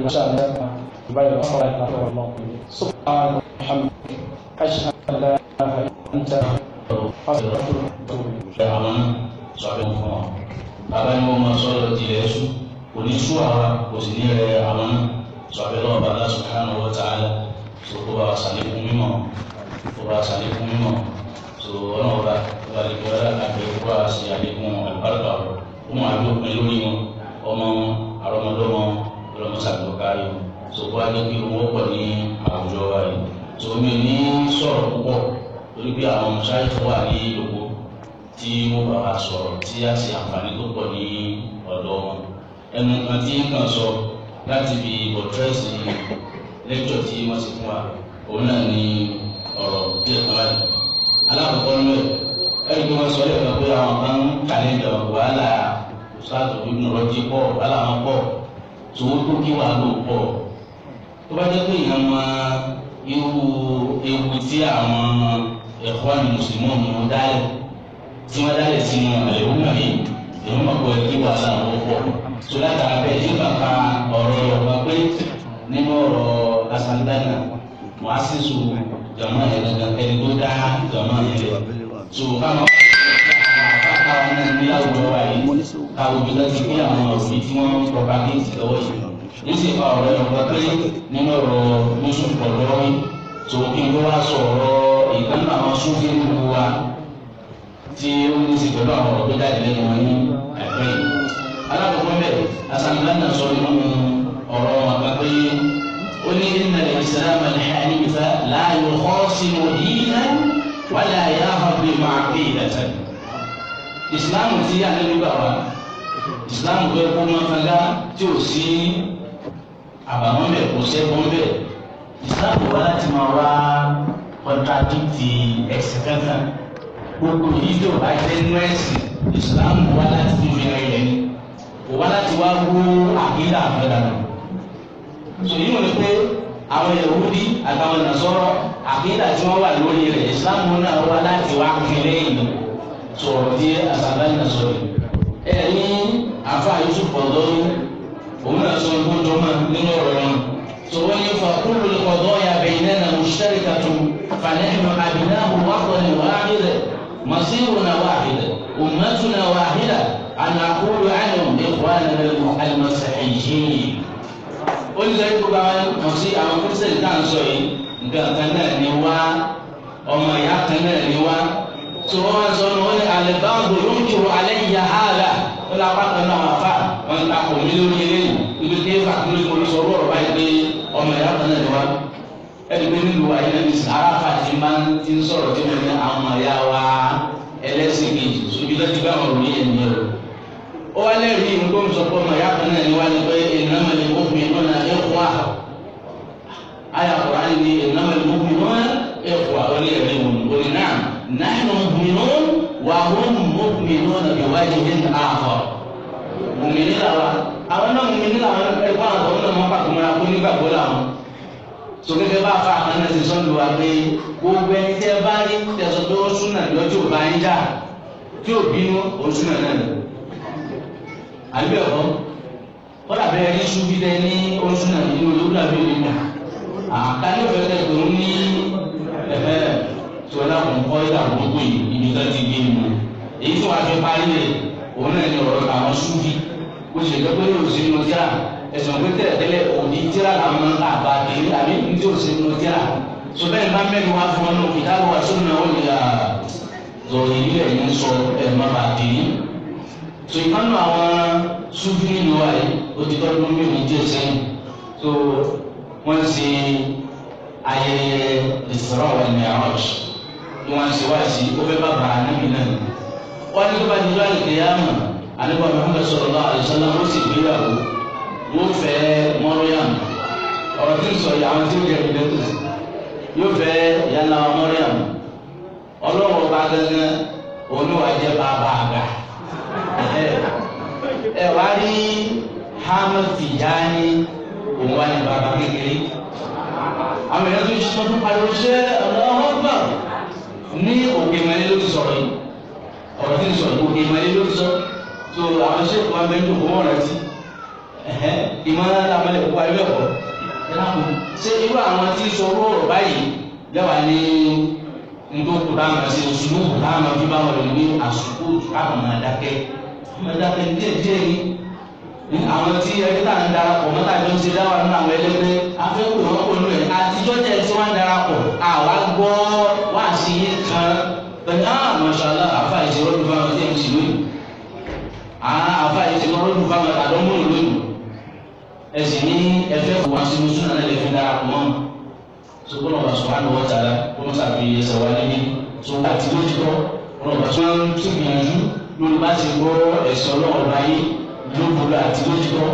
وسلم بين خلق الله سبحان محمد أشهد أن لا إله إلا أنت Bàbá ni mo máa sọ̀rọ̀ ti rẹ̀ sùn, kò ní sùn àwa, kò sì ní rẹ̀ àwọn náà. Sọ̀bẹ́ lọ́wọ́ bàbá subhanahu wa ta'ala, so kó bá wa sàlékún mímọ̀, kó bá wa sàlékún mímọ̀, so ọ̀nà ọba, kó lè gbọ́dá àgbẹ̀ kó bá wa sì àlékún àlùbáràbà, kó máa dópin lórí wọn, ọmọ àrọ́mọdọ́mọ ọlọ́run ṣàgbọ́ká yìí tó wá ní kí owó pọ̀ ní àwùjọ wa yìí tó mi ò ní sọ̀rọ̀ púpọ̀ torí pé àwọn mùsáì tó wà ní ìlòkó tí wọ́n bá wa sọ̀rọ̀ tí a ṣe àǹfààní tó pọ̀ ní ọ̀dọ̀ wọn ẹnu kan tí ń kàn sọ láti fi bọ̀tírẹ́sì lẹ́kítọ̀ tí wọ́n ti fún wa òun náà ni ọ̀rọ̀ díẹ̀ kan láti alákọ̀ọ́kọ́ nú ẹ̀ ẹ̀rí kí sọ lẹ́ẹ̀kan pé àwọn kan ń kàlẹ́ ìjọba wàhálà ṣáàtò ìdúnrọ̀jì pọ̀ wàhálà wọn pọ̀ tòun tó kí wàá lò pọ̀ tó bá jẹ́ pé èèyàn máa irú ewu tí àwọn ẹ̀kọ́ àmì mùsùlùmí ọ̀nà dálẹ̀ tí wọ́n dálẹ̀ sínú àlẹ́wò náà yìí èèyàn máa kọ́ ẹ kí wàá làwọn pọ̀ tó látara bẹ́ẹ̀ tí bá ka ọ̀rọ̀ ọ̀gá pé nínú ọ̀rọ̀ asandana wàá sì sùn jàmáà yẹn gangan ẹni tó dá jàmáà yẹn so káwọn káwa náà ní láwùjọ wa yìí àwùjọ láti fi àwọn òbí tí wọ́n ń pọ̀pá ní ìtìlọ́wọ́ yìí ní sì fa ọ̀rọ̀ ẹ̀rọ pé nínú ọ̀rọ̀ yusuf pọ̀lọ́wọ́ tó kí n tó wá sọ̀rọ̀ ìkànnì àwọn sófin ìlú wa tí ó ní sí pẹ̀lú àwọn ọ̀rọ̀ tó jáde lẹ́nu wọn ní àìpẹ́ yìí. alákọ̀ọ́kọ́ bẹ́ẹ̀ asanilana sọ nínú ọ̀rọ̀ wọn kan ó ní inna al-islama al-hanifa la yukhasimu dinan wala yahdi ma'a qidatan ìsìláàmù tí àlejò gbà wá ìsìláàmù tó yẹ kó máa fagá tí ò sí àbàmọ́ bẹ̀ kò sẹ́gun bẹ̀ ìsìláàmù wá láti máa wá kọ́ńtàdìtì ẹ̀sìn kankan gbogbo yìí tó bá jẹ́ nú ẹ̀sìn ìsìláàmù wá láti tún fi rẹ̀ yẹn kò wá láti wá wó àkídà àfẹ́dànù sòyí wọn ni pé àwọn yahudi àtàwọn nasọrọ àkídà tí wọn wà lórí rẹ̀ ìsìláàmù náà wá láti wá kiri lẹ́yìn sọ̀rọ̀ tí asàlàyé náà sọ̀rọ̀ ẹ ní afa yusuf ọ̀dọ́rí òun náà sọ ikú jọmọ nínú ọ̀rọ̀ náà sọ̀rọ̀ ní fa kúlù lọ́dọ̀ ya bẹ̀yìnẹ́ na mùsítẹ́rì kàtó fanẹ́hìn abináhu wàkọ̀ni wàhídẹ̀ masiru na wàhídẹ̀ ummatu na wàhídẹ̀ anakulu anum ikhwana al-masihiyyin. ó ní sẹ́yìn tó bá wọn àwọn kúrẹ́sìtì náà sọ yìí nǹkan kan náà ni wá ọmọ ìyá kan ni wá tó wọ́n máa sọ wọn ní àlùbáàbò ló ń kúrò alẹ́ ìyá ààlà wọn là wà kan náà fà wọn ta kò mí lórí eléyìí ibi tí fà kúrò ìkó ló sọ wọn rọ báyìí pé ọmọ ìyá kan náà ni wọn ẹni pé nílùú wa yìí ní aráfà ti máa ń ti ń sọ̀rọ̀ tí mo ní àwọn ìyá wa ẹlẹ́sìn kejì ṣùgbọ́n ìjọba ti bá wọn rí ẹ̀mí ẹ̀rọ ó wá lẹ́rìí nǹkó ń sọ pé ọmọ ìyá kan náà ni wá ní pé ìnámẹ́lẹ̀ mọ́kùnrin náà na ẹ̀kọ́ à ayàkùrá ni ìnámẹ́lẹ̀ mọ́kùnrin náà ẹ̀kọ́ à ó ní ẹ̀rí wọn ó ní náà نحن مؤمنون وهم مؤمنون بوجه آخر mùmìnì làwọn àwọn náà mùmìnì làwọn ẹgbẹ́ àwọn àwọn náà mọ pàtó mọra kó nígbàgbọ́ làwọn sọgbẹgbẹ bá fa àwọn náà ti sọdọ wa pé gbogbo ẹni tẹ bá yí tẹsọ tó súnà lọ tí ò bá yín dà tí ò bínú ò súnà náà lọ àbí ẹ̀kọ́ kọ́dà bẹ́ẹ̀ ní ṣubí tẹ ní ó súnà nínú olóògbé àbí olóògbé àkàlẹ́ òfẹ́ tẹ̀ tó ń ní ẹ̀fẹ́ rẹ̀ tí wọn náà kọ́ ìdá gbogbo yìí ibi tó ti gbé ìlú èyí tí wọn fi parí rẹ̀ òun náà ni ọ̀rọ̀ àwọn súnfì bó ṣe lọ́gbẹ́ yóò ṣe inú tíra ẹ̀sùn pé tẹ̀lẹ̀tẹ̀lẹ̀ òní tíra làwọn àgbà kiri àbí ní tí ò ṣe inú tíra so bẹ́ẹ̀ bá mẹ́nu wá fún ọ náà ìdáwọ́ wa sóun náà ó lè zọ̀rọ̀ ìbílẹ̀ yìí ń sọ ẹ̀ má bàa kiri so ìkànnì àwọn súnfì nínú wa yìí ó ti tọ́jú mímu díẹ̀ sẹ́yìn so wọ́n ṣe ni wọn ṣe wáṣí ó fẹ́ bàbá anábì náà wọn ní bàbá níjọ́ àlùkìyàmà àníbà Muhammad sallallahu alaihi wasallam ó sì gbéyàwó wọn fẹ́ Maryam ọ̀rọ̀ tí ń sọ yà àwọn tí ó jẹ̀bi lẹ́tọ̀ yóò fẹ́ yàrá Maryam ọlọ́wọ́ bá gángan oníwàjẹ́ bàbá àgbà ẹ wá rí Ahmad Tijani òun wá ní bàbá kékeré àwọn èèyàn tó ń ṣe tó ń pariwo ṣe ọlọ́wọ́ bàbá ní òkè mẹ́lẹ́ ló ti sọ̀rọ̀ yìí ọ̀rọ̀ tí ń sọ̀rọ̀ òkè mẹ́lẹ́ ló ti sọ tó àwọn ṣé wà bẹ́ẹ̀ tó wọ́n rẹ̀ sí ìmọ̀lá lamẹ́lẹ̀ kó ayé ẹ̀kọ́ ṣé irú àwọn tí ń sọ rọ̀rọ̀ báyìí lẹ́wà ní ntòkù táwọn ṣe oṣù táwọn fi bá wọn lò ní àsùkò táwọn máa dákẹ́ máa dákẹ́ díẹ̀ díẹ̀ ni àwọn tí ẹgbẹ́ tá à ń darapọ̀ mọ́tà jọ ń ṣe dáwà nínú àwọn ẹlẹ́gbẹ́ afẹ́kùn wọn kò lù ẹ̀ àtijọ́ jẹ́ tí wọ́n ń darapọ̀ àwa gbọ́ wá sí yé pẹ̀lú ah mashallah afa yìí ti rọ́ọ̀dù fáwọn ẹ̀sẹ̀ mi sì lóyún ah afa yìí ti rọ́ọ̀dù fáwọn àdánwò lóyún ẹ̀sìn ní ẹ̀fẹ́ fún wa sínú súnà náà lè fi dára pọ̀ mọ́ sọgbọ́n ọba sọ̀hánù wọ́n ta la wọ́n mọ̀ sàbí ẹsẹ̀ wa níbí so àti ló ti kọ́ ọ̀nà ọba sọ̀hánù ti gbìyànjú lórí bá ti gbọ́ ẹ̀sẹ̀ ọlọ́run láyé lóbodò àti ló ti kọ́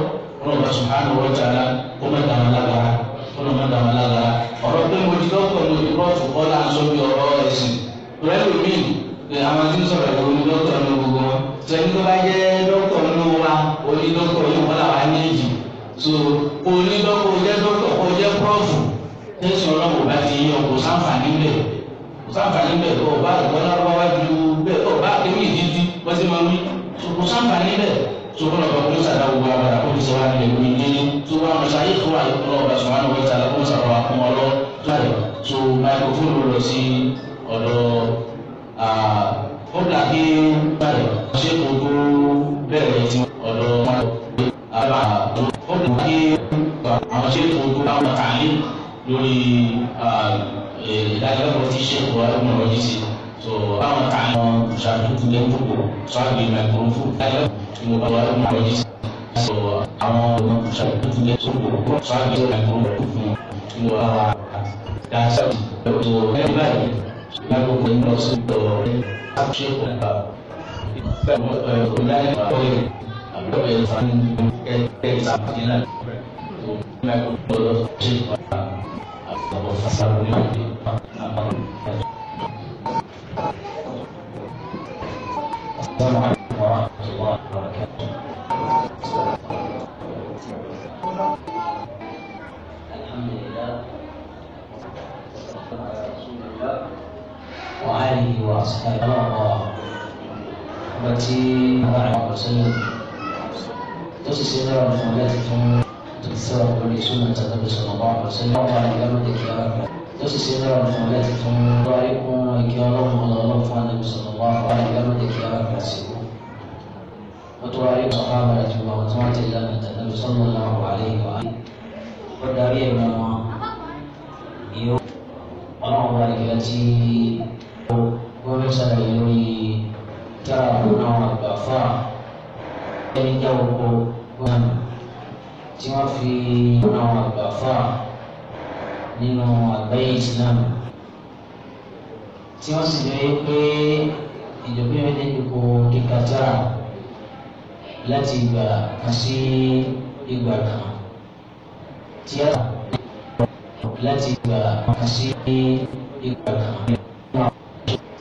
ọ̀nà ọba sọ̀hánù wọ́n ta la kó má dà wọn lágara kó má dà wọn lágara ọ̀rọ̀ pé mo ti lọ́kọ̀ mo ti lọ́ọ̀tù kọ́ láǹsọ́ bí ọ̀rọ̀ ẹ̀sìn rẹ́lù míì àwọn tí ń sọ̀rọ̀ ìwọ ní dókítà ní gbogbo wọn sẹ́ni tó bá jẹ́ dókítà ní wa onídókítà yóò wọ́n làwọn ní èjì so onídókítà jẹ́ dókítà kò jẹ́ prọ́fù tẹ̀sán ọlọ́wọ́ bá ti yẹ ọkọ̀ sáǹfààní bẹ̀ sáǹfààní bẹ̀ kọ̀ bá ìgbọ́nà lọ́wọ́ ju bẹ́ẹ̀ kọ̀ bá èmi ìdíjí wọ́n ti máa wí kò sáǹfààní bẹ̀ sọgbọn ọba kó sàdá gbogbo abàdà kó sọ wà ní ẹgbẹ ìdílé tó wà mọṣá yìí fún àyè kọlọ ọba sọ wà ní wọta kó sàrọ àkùn ọlọ láyọ tó máikrófóònù lọ sí ọ̀dọ̀ kódà kí báyọ̀ ṣé kò tó bẹ̀rẹ̀ tí ọ̀dọ̀ wọn gbé àbá kódà kí àwọn ṣé kò tó báwọn kàlí lórí ìdájọ́ tí ṣé kò wá lọ́wọ́ yìí sí so báwọn kàlí wọn ṣàtúntò lẹ́kọ̀ọ́ ṣáàbì mẹ́kúrúfù dájọ́ tí mo bá wà lọ́wọ́ yìí sí so àwọn ọmọ ṣàtúntò lẹ́kọ̀ọ́ ṣáàbì mẹ́kúrúfù fún wa dáṣẹ́ so ẹ báyìí. lalu menerus untuk aksi Assalamualaikum warahmatullahi wabarakatuh. وآله وأصحابه وبتي على وسلم تسير المولاتكم تكثر كل سنة النبي صلى الله عليه وسلم وعلى جمدك يا رب تسير المولاتكم وعليكم وكيالهم على الله فعلا صلى الله عليه جمدك يا رب حسيبه وتواريخ صحابة الله وتمات الله من النبي صلى الله عليه وآله وداري ما يوم ọlọ́run bá ìgbà tí gbọ́dọ̀ ṣàlàyé lórí tíra àbúrò àwọn àgbà fà ẹni já oko gbọ́dọ̀ tí wọ́n fi àwọn àgbà fà nínú àgbáyé ìsìlámù tí wọ́n sì jẹ́ pé ìjọba yẹn ní ipò kíkà tíra láti ìgbà kan sí ìgbà kan tíra láti ìgbà kan sí ìgbà kan.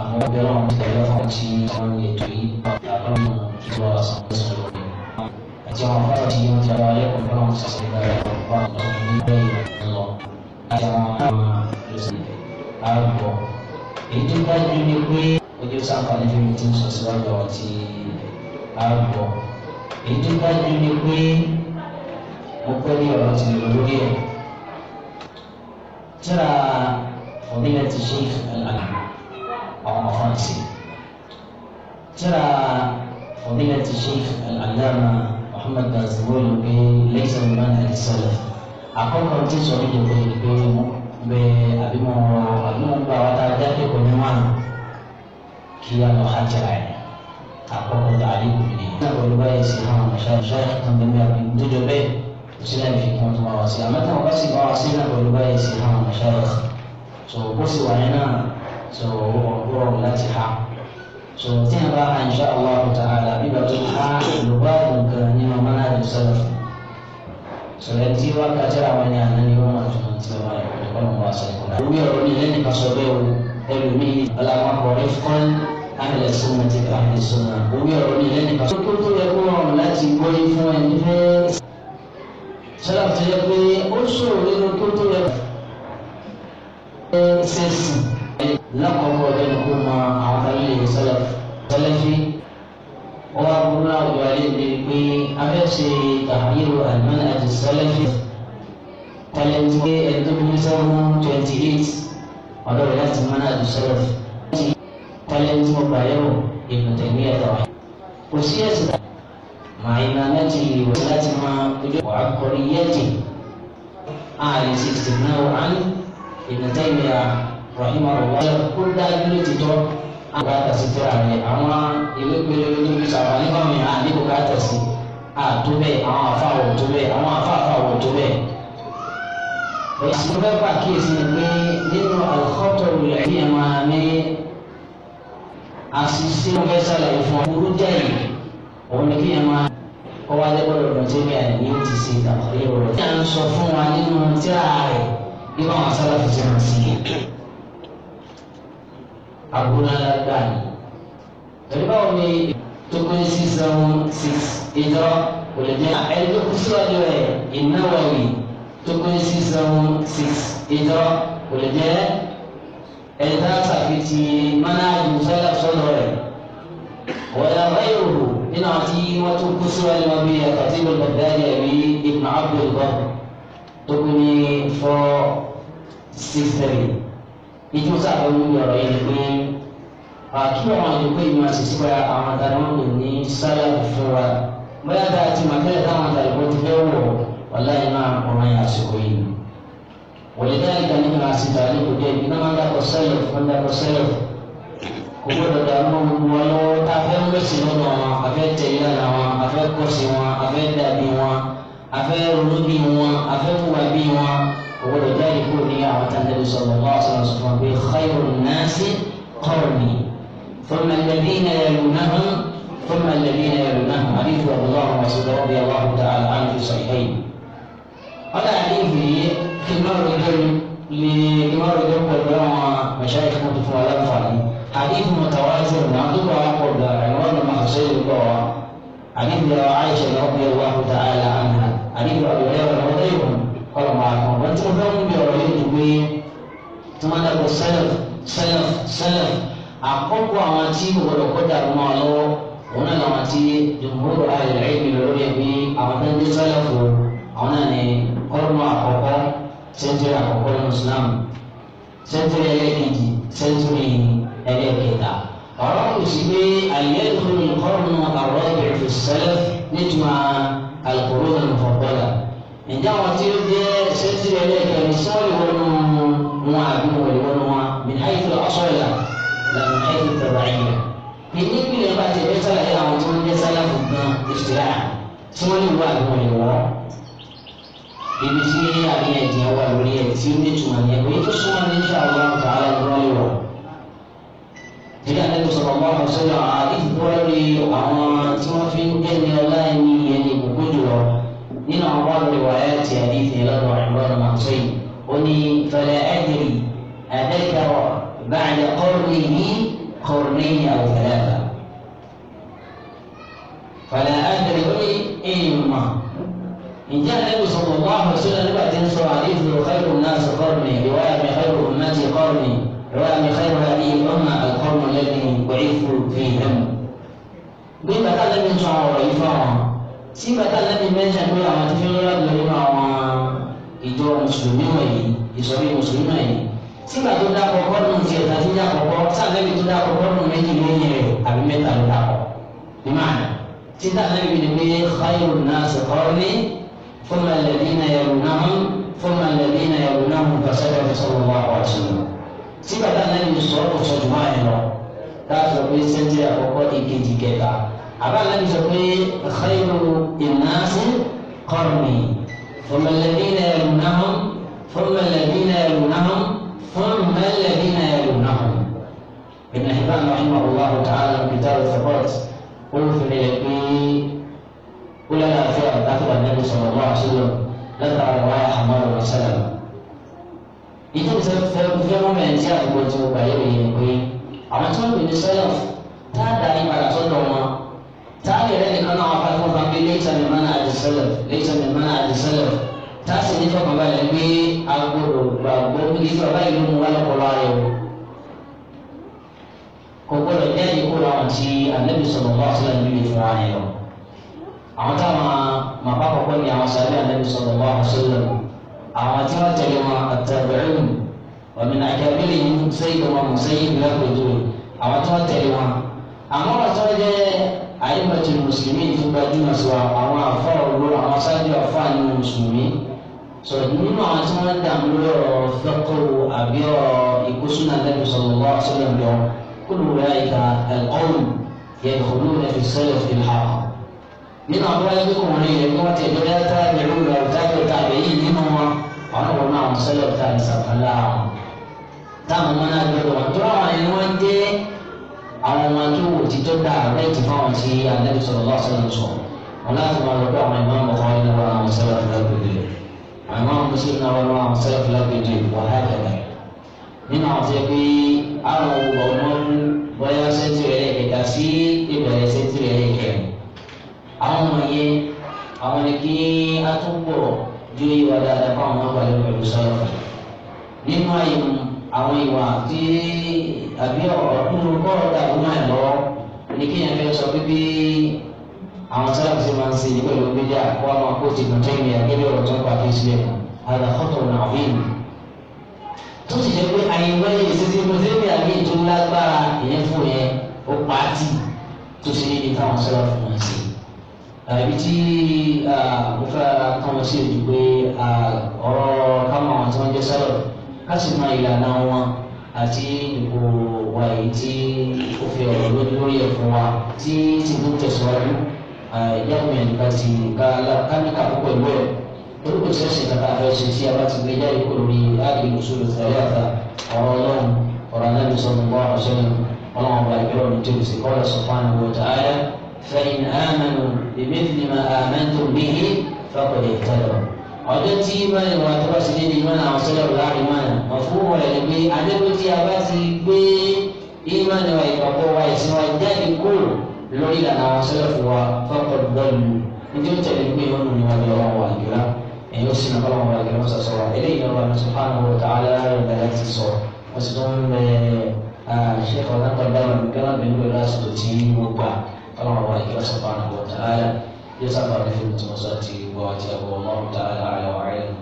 àwọn ọgbẹ́ náà ń tẹ̀lé fún de àwọn ètò yìí àbámu ìjọ àsàkóso lórí àti àwọn afárá tí yóò jẹ́ ayé ọgbẹ́ náà ń sàṣẹ ìgbàlẹ̀ ọgbà ọ̀dọ́ ilé ìwé lọ àti àwọn àwọn àlùsí àrùbọ. èyí tó dájú ni pé ojú sáǹfààní fún mi ti ń sọ síwájú àwọn ti àrùbọ. èyí tó dájú ni pé mo pẹ́ ní ọ̀rọ̀ ti lò lórí ẹ̀. tíra ọ̀bí náà ti ṣe ìfẹ́ ọmọkànṣe tíra fọdílẹ̀ ti sheikh al-allama muhammad bazibuyi ló gbé lẹ́sẹ̀ ọ̀gbọ́n náà sọ̀rọ̀ àkọ́kọ́ tí sọ̀rọ̀ yìí pé ìgbé gbé àbímọ àbímọ gba àwọn tá a dá kẹ́kọ̀ọ́ ní wọn kí a lọ hajj ra ẹ̀ àkọ́kọ́ tó àlẹ́ kò ní. ní àpòlù báyìí sí àwọn ṣáṣá kan tó ń bẹ àbí tó jọ bẹ́ẹ̀ kò sí láì fi kí wọ́n tó máa wá sí àmọ́ táwọn bá sì máa wá sí ní àpòlù báyìí sí àwọn ṣáṣá tó kó sì wáyé náà so wọn rọrùn láti ha so tí a bá ha insha Allah ta'ala bíbá tó ha ló bá nǹkan ní mama náà lè sọ̀rọ̀ so ẹ tí wọn kà tẹ́ra wọn ní àná ni wọn máa tún ti wọn máa yọ kọ́ ló ń wá sọ fún wa. òwe ọ̀rọ̀ ni lẹ́nu kan sọ bẹ́ẹ̀ o ẹlòmíì ọ̀làmọ̀kọ̀ rẹ fún ahìlẹ̀ sọ́nà ti ká ahìlẹ̀ sọ́nà òwe ọ̀rọ̀ ni lẹ́nu kan sọ. tó yẹ kó rọrùn láti wọlé fún ẹni fẹ́ẹ́ sọlá tó yẹ pé ó ṣòro nínú kó tó yẹ kó rọrùn ṣe sìn lákòókò ọdún kó mọ àwọn táyé ìwé sọlọ tọlẹfí wọn wá burú àwùjọ ayé mi pé abẹ́ṣe tàbíru àdúrà àti sọlẹfí tọlẹfí pé ẹ̀ẹ́dọ́gbọ̀n sẹ́wọ́n twenty eight ọ̀dọ́ rẹ̀ láti mọ́nà àti sọlẹfí tọlẹfí mo gbà yẹ̀wò ìmùtẹ̀mí ẹ̀dọ̀ wa kò sí ẹ̀sìn tàbí màáyìnà láti ìwé láti máa ojú ọ̀ akọrin yẹ́tì ààrẹ sixty nine one ìmùtẹ̀mí ẹ̀dọ̀ rahimahullah kó dájú ní tìjọ́ àgbà tàṣí tẹ́ra rẹ̀ àwọn ìwé péré ní ìlú sàbà nígbà mi à ní bùkà tàṣí àtó bẹ́ẹ̀ àwọn afáwọ̀ tó bẹ́ẹ̀ àwọn afáfáwọ̀ tó bẹ́ẹ̀. ìṣòro bá kíyèsí ni pé nínú àlùkọ́tọ̀ rẹ̀ bí ẹ máa ní àṣìṣe ọgbẹ́ sàlàyé fún ọ burú jáì òun ni kí ẹ máa ọwọ́ adébọ̀lọ̀ o ti ṣe ìdàgbàsókè rẹ̀. ìyá ń sọ fún wa nínú tíra rẹ̀ nígbà wọn sábà fi ṣe hàn sí i agbónálágbá ni torí báwo ni tó pé six seven six ìjọ kò lè jẹ́ ẹni tó kú síwájú rẹ̀ ìnáwó yìí tó pé six seven six ìjọ kò lè jẹ́ ẹni tá a ṣàfihàn mánájú sọ́dọ̀ sọ́dọ̀ rẹ̀ nínú àti wọ́n tó kú wọn bí àkàtì ìbọ̀dàdì ẹ̀rí ibùdó abdul bọ́ọ̀ tó kú four six three ìtú sábà wúlò ọ̀rọ̀ yìí pé àtúwọ̀ àwọn ìlúpẹ́ yìí máa ṣiṣẹ́ wa àwọn àtàrí wọn lò ní sálàbù fún wa bóyá tá a ti máa tẹ́lẹ̀ táwọn àtàrí wọn ti fẹ́ wọ̀ ọ̀la iná ọ̀rọ̀ yẹn àsìkò yìí. wòlé dáhìí kan nínú àṣìta ní kò dé ibi náà máa ń dákọ̀ sẹ́lẹ̀ fún dákọ̀ sẹ́lẹ̀ kò gbọ́dọ̀ dàrú wọn lọ́wọ́ tá a fẹ́ mẹ́sìn lọ́dọ̀ wọn a fẹ́ tẹ̀lé àwọn a fẹ́ kọ́sí wọn a fẹ́ dàbí wọn. afẹ́ ronú bí wọn afẹ́ wúwa bí wọn òwúrọ̀ jáde kúrò ní àwọn tàǹdẹ̀lẹ̀ sọ̀rọ̀ lọ́wọ́ sọ̀rọ̀ sọ̀rọ̀ pé khayru nasi qarni thumma alladhina yalunahum thumma alladhina yalunahum àdìfù ọ̀dọ́ àwọn ọ̀sọ̀rọ̀ ọ̀bí aláwọ̀ tá a lánà fi sọ ìhẹ́ yìí. ọ̀dà àdìfù yìí kí n má rò jẹ́ lè kí n má rò jẹ́ pẹ̀lú àwọn mẹ̀ṣáì fún mi fún aláǹfààní àdìfù mọ̀tàwá àdìgbò àìṣe lọ́gbẹ̀ wa kúta àìlà àmà àdìgbò àbẹ̀rẹ̀ ọ̀rọ̀ ọ̀dọ́ ìwọ̀n kọlọ̀ máa kàn wọ́n tí wọ́n fẹ́ mú bí ọ̀rọ̀ yìí ni pé tí wọ́n dàgbọ́ sẹ́lẹ̀f sẹ́lẹ̀f sẹ́lẹ̀f àkọ́kọ́ àwọn tí gbọdọ̀ kọ́ dàrú máa lọ́wọ́ òun náà làwọn tí jùmùúrò àìlẹ̀ ìbí lórí ẹ̀mí àwọn tó ń dé sẹ́lẹ̀fù àwọn náà ni kọ́lọ́mù àkọ́kọ́ sẹ́ńtúrì àkọ́kọ́ ní mùsùlùmí sẹ́ńtúrì ẹlẹ́kejì sẹ́ńtúrì ẹlẹ́kẹta haramu sì pé àyẹ̀dùn ìkọ́nù àrọ́ ìbẹ̀rù sẹ́lẹ̀ nítumọ̀ àlùkòrò nínú fọ́pọ́lá ǹjẹ́ àwọn tí ó jẹ́ sẹ́tì ẹlẹ́kẹ̀rin sọ́ọ̀lì wọnú wọn àbí wọlé wọnú wọn mìíràn àṣọyà làmì àìsàn tẹ̀wá ẹ̀yẹ. ìní ìpìlẹ̀ bá ti bẹ́ sálàyé àwọn tó ń jẹ́ sálàfù gan ìṣẹ̀lá tí wọ́n lè wọ àbí wọlé wọ́. ibi ìdá àdébù sọ̀rọ̀ bá wọn sọ̀rọ̀ àdìgbò lórí àwọn tí wọ́n fi ń tẹ̀lé ọlá ní ẹni gbogbo jùlọ nínú àwọn bá lórí wàhálà ti àdìgbò lọ́dọ̀ àìmọ́lẹ̀ máa sọ yìí ó ní fẹlẹ̀ ẹ̀dẹ̀rì àdẹ́kẹ̀rọ̀ báyìí kọ́rin ní kọ́rin ní àwòfẹ́lẹ́fà fẹlẹ̀ ẹ̀dẹ̀rì ó ní ẹ̀yìn mọ́ ìjà àdébù sọ̀rọ̀ bá wọn sọ̀rọ̀ nígbà tí ń sọ àdìgbò روى أن خير هذه الأمة القوم الذي بعثوا فيهم bí bàtà lẹ́bi tún àwọn ọ̀rọ̀ yìí fáwọn tí bàtà lẹ́bi mẹ́ta pé àwọn tó fi ń rọ́ọ̀dù nínú àwọn ìjọ mùsùlùmí wọ̀nyí ìsọ̀rí mùsùlùmí wọ̀nyí tí bàtà tó dákọ̀ bọ́ọ̀dù ti ẹ̀ta tó dákọ̀ bọ́ sàlẹ́bi tó dákọ̀ bọ́ọ̀dù méjì lẹ́yìn rẹ̀ àbí mẹ́ta ló dákọ̀ ní máa nà tí tàlẹ́bi ni pé khayru nas qarni thumma alladhina yalunahu thumma alladhina yalunahu tí tá náà ní sọ ọ́ sọ jùmọ̀ ẹ̀ lọ láti sọ pé sẹ́ńtẹ̀ àkọ́kọ́ ìkejì kẹta àbá náà ní sọ pé xeyiru ìnáṣí kọ́ọ̀mì fọmọlẹ́bínà ẹ̀rùnáhùn fọmọlẹ́bínà ẹ̀rùnáhùn fọmọlẹ́bínà ẹ̀rùnáhùn. ابن حبان رحمه الله تعالى في كتاب الثقات قلت لأبي ولا لا فعل أثر النبي صلى الله عليه وسلم ذكر رواية حمار ìjọ ìṣe fẹ́ràn mẹ́rin tí àdúgbò tí ó gbà yẹ̀ yẹ̀ pé àwọn tó ń bì ní sọ́yà tá a dà ní padà tó dọ̀ wọn tá a yẹrẹ nìkan náà wọn fà fún wa pé later ni mana àti sọ́yà later ni mana àti sọ́yà tá a sì ní fọkàn báyìí pé agbódò gbàgbó nígbà tí bàbá ìlú mu wá lọ́pọ̀lọ́ ayọ̀ kò gbọdọ̀ jẹ́ ìkóra àwọn tí ànábì sọ̀rọ̀ bá ọ̀sẹ̀ lẹ́nu ìlú fúnra yẹn lọ àwọn táwọn màbá kọ̀ọ̀kan ni àwọn sàbẹ̀ ànábì sọ̀rọ̀ bá ọ̀sẹ̀ lẹ́nu àwọn tí wọ́n tẹ̀lé wọn àtàbẹ̀rẹ̀mù ọ̀mìnà àjẹmílì yìí sẹ́yìn wọn mùsẹ́yìn ìlú àpèjú àwọn tí wọ́n tẹ̀lé wọn. àwọn ọ̀tọ́ jẹ́ àyèmọ̀tì mùsùlùmí ti gbajúmọ̀ sí àwọn àfọ̀ òwúrọ̀ àwọn sáájú àfọ̀ àyè mùsùlùmí. sọ̀rọ̀ nínú àwọn tí wọ́n dà lọ́rọ̀ fẹ́kọ̀ àbí ọ̀rọ̀ ìkúsùnà lẹ́nu sọ̀rọ̀ wọ́n nínú àwọn ọmọ ẹgbẹ́ kòmọ̀ ní ẹ̀kọ́ wọn ti ẹ̀dọ́ yá tá ẹ̀rú rẹ̀ ọ̀tá yóò tá àbẹ̀ yìí nínú wọn àwọn ọmọ náà wọn sọ́lẹ̀ ọ̀tá ní sàkálà wọn. táwọn ọmọ náà gbọdọ̀ wọn tó àwọn ẹni wọn dé àwọn ọmọ tó wò ti tó dà rẹ̀ ti fáwọn tí àdébí sọ̀rọ̀ lọ́wọ́ sọ̀rọ̀ sọ̀ wọn láti máa lọ bá àwọn ìmáàmù kan nínú wọn àwọn sọ̀rọ̀ fúlágbèdè àwọn ìmáàmù mùsùlùmí náà wọn àwọn sọ̀rọ̀ fúlágbèdè wọn àwọn ọmọ yẹn àwọn ni kí a tún pọ̀ ju ìwà dáadáa fún àwọn ọgbà lórí pẹ̀lú sọ́ọ̀fù nínú àyè àwọn ìwà tí àbí ọ̀rọ̀ nínú kọ́ọ̀rọ̀ tàbí máa ń lọ ní kéèyàn fẹ́ sọ pé bí àwọn sọ́ọ̀fù ti máa ń ṣe ní pẹ̀lú méjì àkọ́wà máa kó ti dùn tẹ́lẹ̀ àgẹ́bí ọ̀rọ̀ tó ń pa kí sílẹ̀ àdàkọ́tọ̀ náà bí tó sì jẹ́ pé àyẹ̀wò ìṣesí tó sì ní ìtàn sọ́ọ̀fù máa ń ṣe ibi tí mo fẹ́ káwọn sí èdè pé ọ̀rọ̀ káwọn àwọn tí wọ́n jẹ́ sọ́rọ̀ ká sì mọ ìlànà wọn àti ipò wa èyí tí ó fi ọ̀rọ̀ lórí lórí ẹ̀fọ́ wa tí ti tó tẹ̀síwájú yàgùn yẹn nípa ti ká ní kàkó pẹ̀lú ẹ̀ orúkọ tí wọ́n ṣe kàkà fẹ́ ṣe tí a bá ti gbé jáde kó lórí áàdì ìṣòro tẹ̀lé àtà ọ̀rọ̀ ọlọ́run ọ̀rọ̀ anábìsọ̀rọ̀ bọ́ àwọn ọlọ́run ọba ìgbẹ́rọ̀ ní tòlùsí kọ́lá sọ̀fánà wọ̀tá ayá فإن آمنوا بمثل ما آمنتم به فقد اهتدوا ọjọ́ tí ìmọ̀lẹ̀ wa tó bá ṣe dé ní ìmọ̀lẹ̀ àwọn sọ́dọ̀ láàrin mọ̀nà ọ̀fun wọ̀ ẹ̀ pé adébó tí a bá ti gbé ìmọ̀lẹ̀ wa ìgbàgbọ́ wa ìsìn wa jáde kúrò lórí ìlànà àwọn fún wa fọ́pọ̀ lọ́lù nítorí tẹ̀lé pé wọ́n nù níwájú ọlọ́run wa ìgbéra ẹ̀yìn ó sì nà bọ́lá wọn ìgbéra wọn sọ̀rọ̀ wa ta'ala rẹ̀ ti sọ wọ́n sì tún ń bẹ كرم الله سبحانه وتعالى يسعد في مسرته وواجبه والله تعالى على واعلم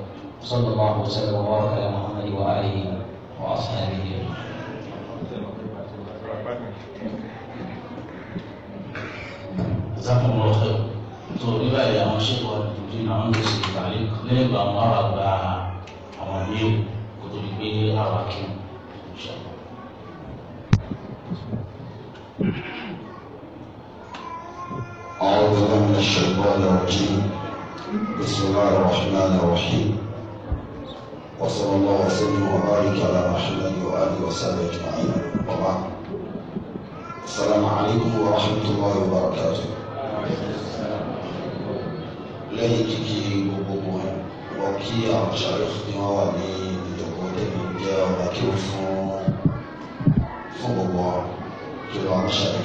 صلى الله وسلم وبارك على محمد واله واصحابه جزاكم الله خير tó nígbà yìí àwọn ṣẹ́kọ̀ọ́ àdìjì náà ń lòsì ìtàlẹ́ lẹ́yìn ìgbà wọn wà gba àwọn míì kó tó di pé àwa kí wọn. الشيطان الرجيم بسم الله الرحمن الرحيم وصلى الله وسلم وبارك على محمد واله وصحبه اجمعين وبعد السلام عليكم ورحمه الله وبركاته لا يجيكي gbogbo وكي wọ́n kí àwọn ṣàlẹ́ fún wọn wà ní كي tẹ̀mí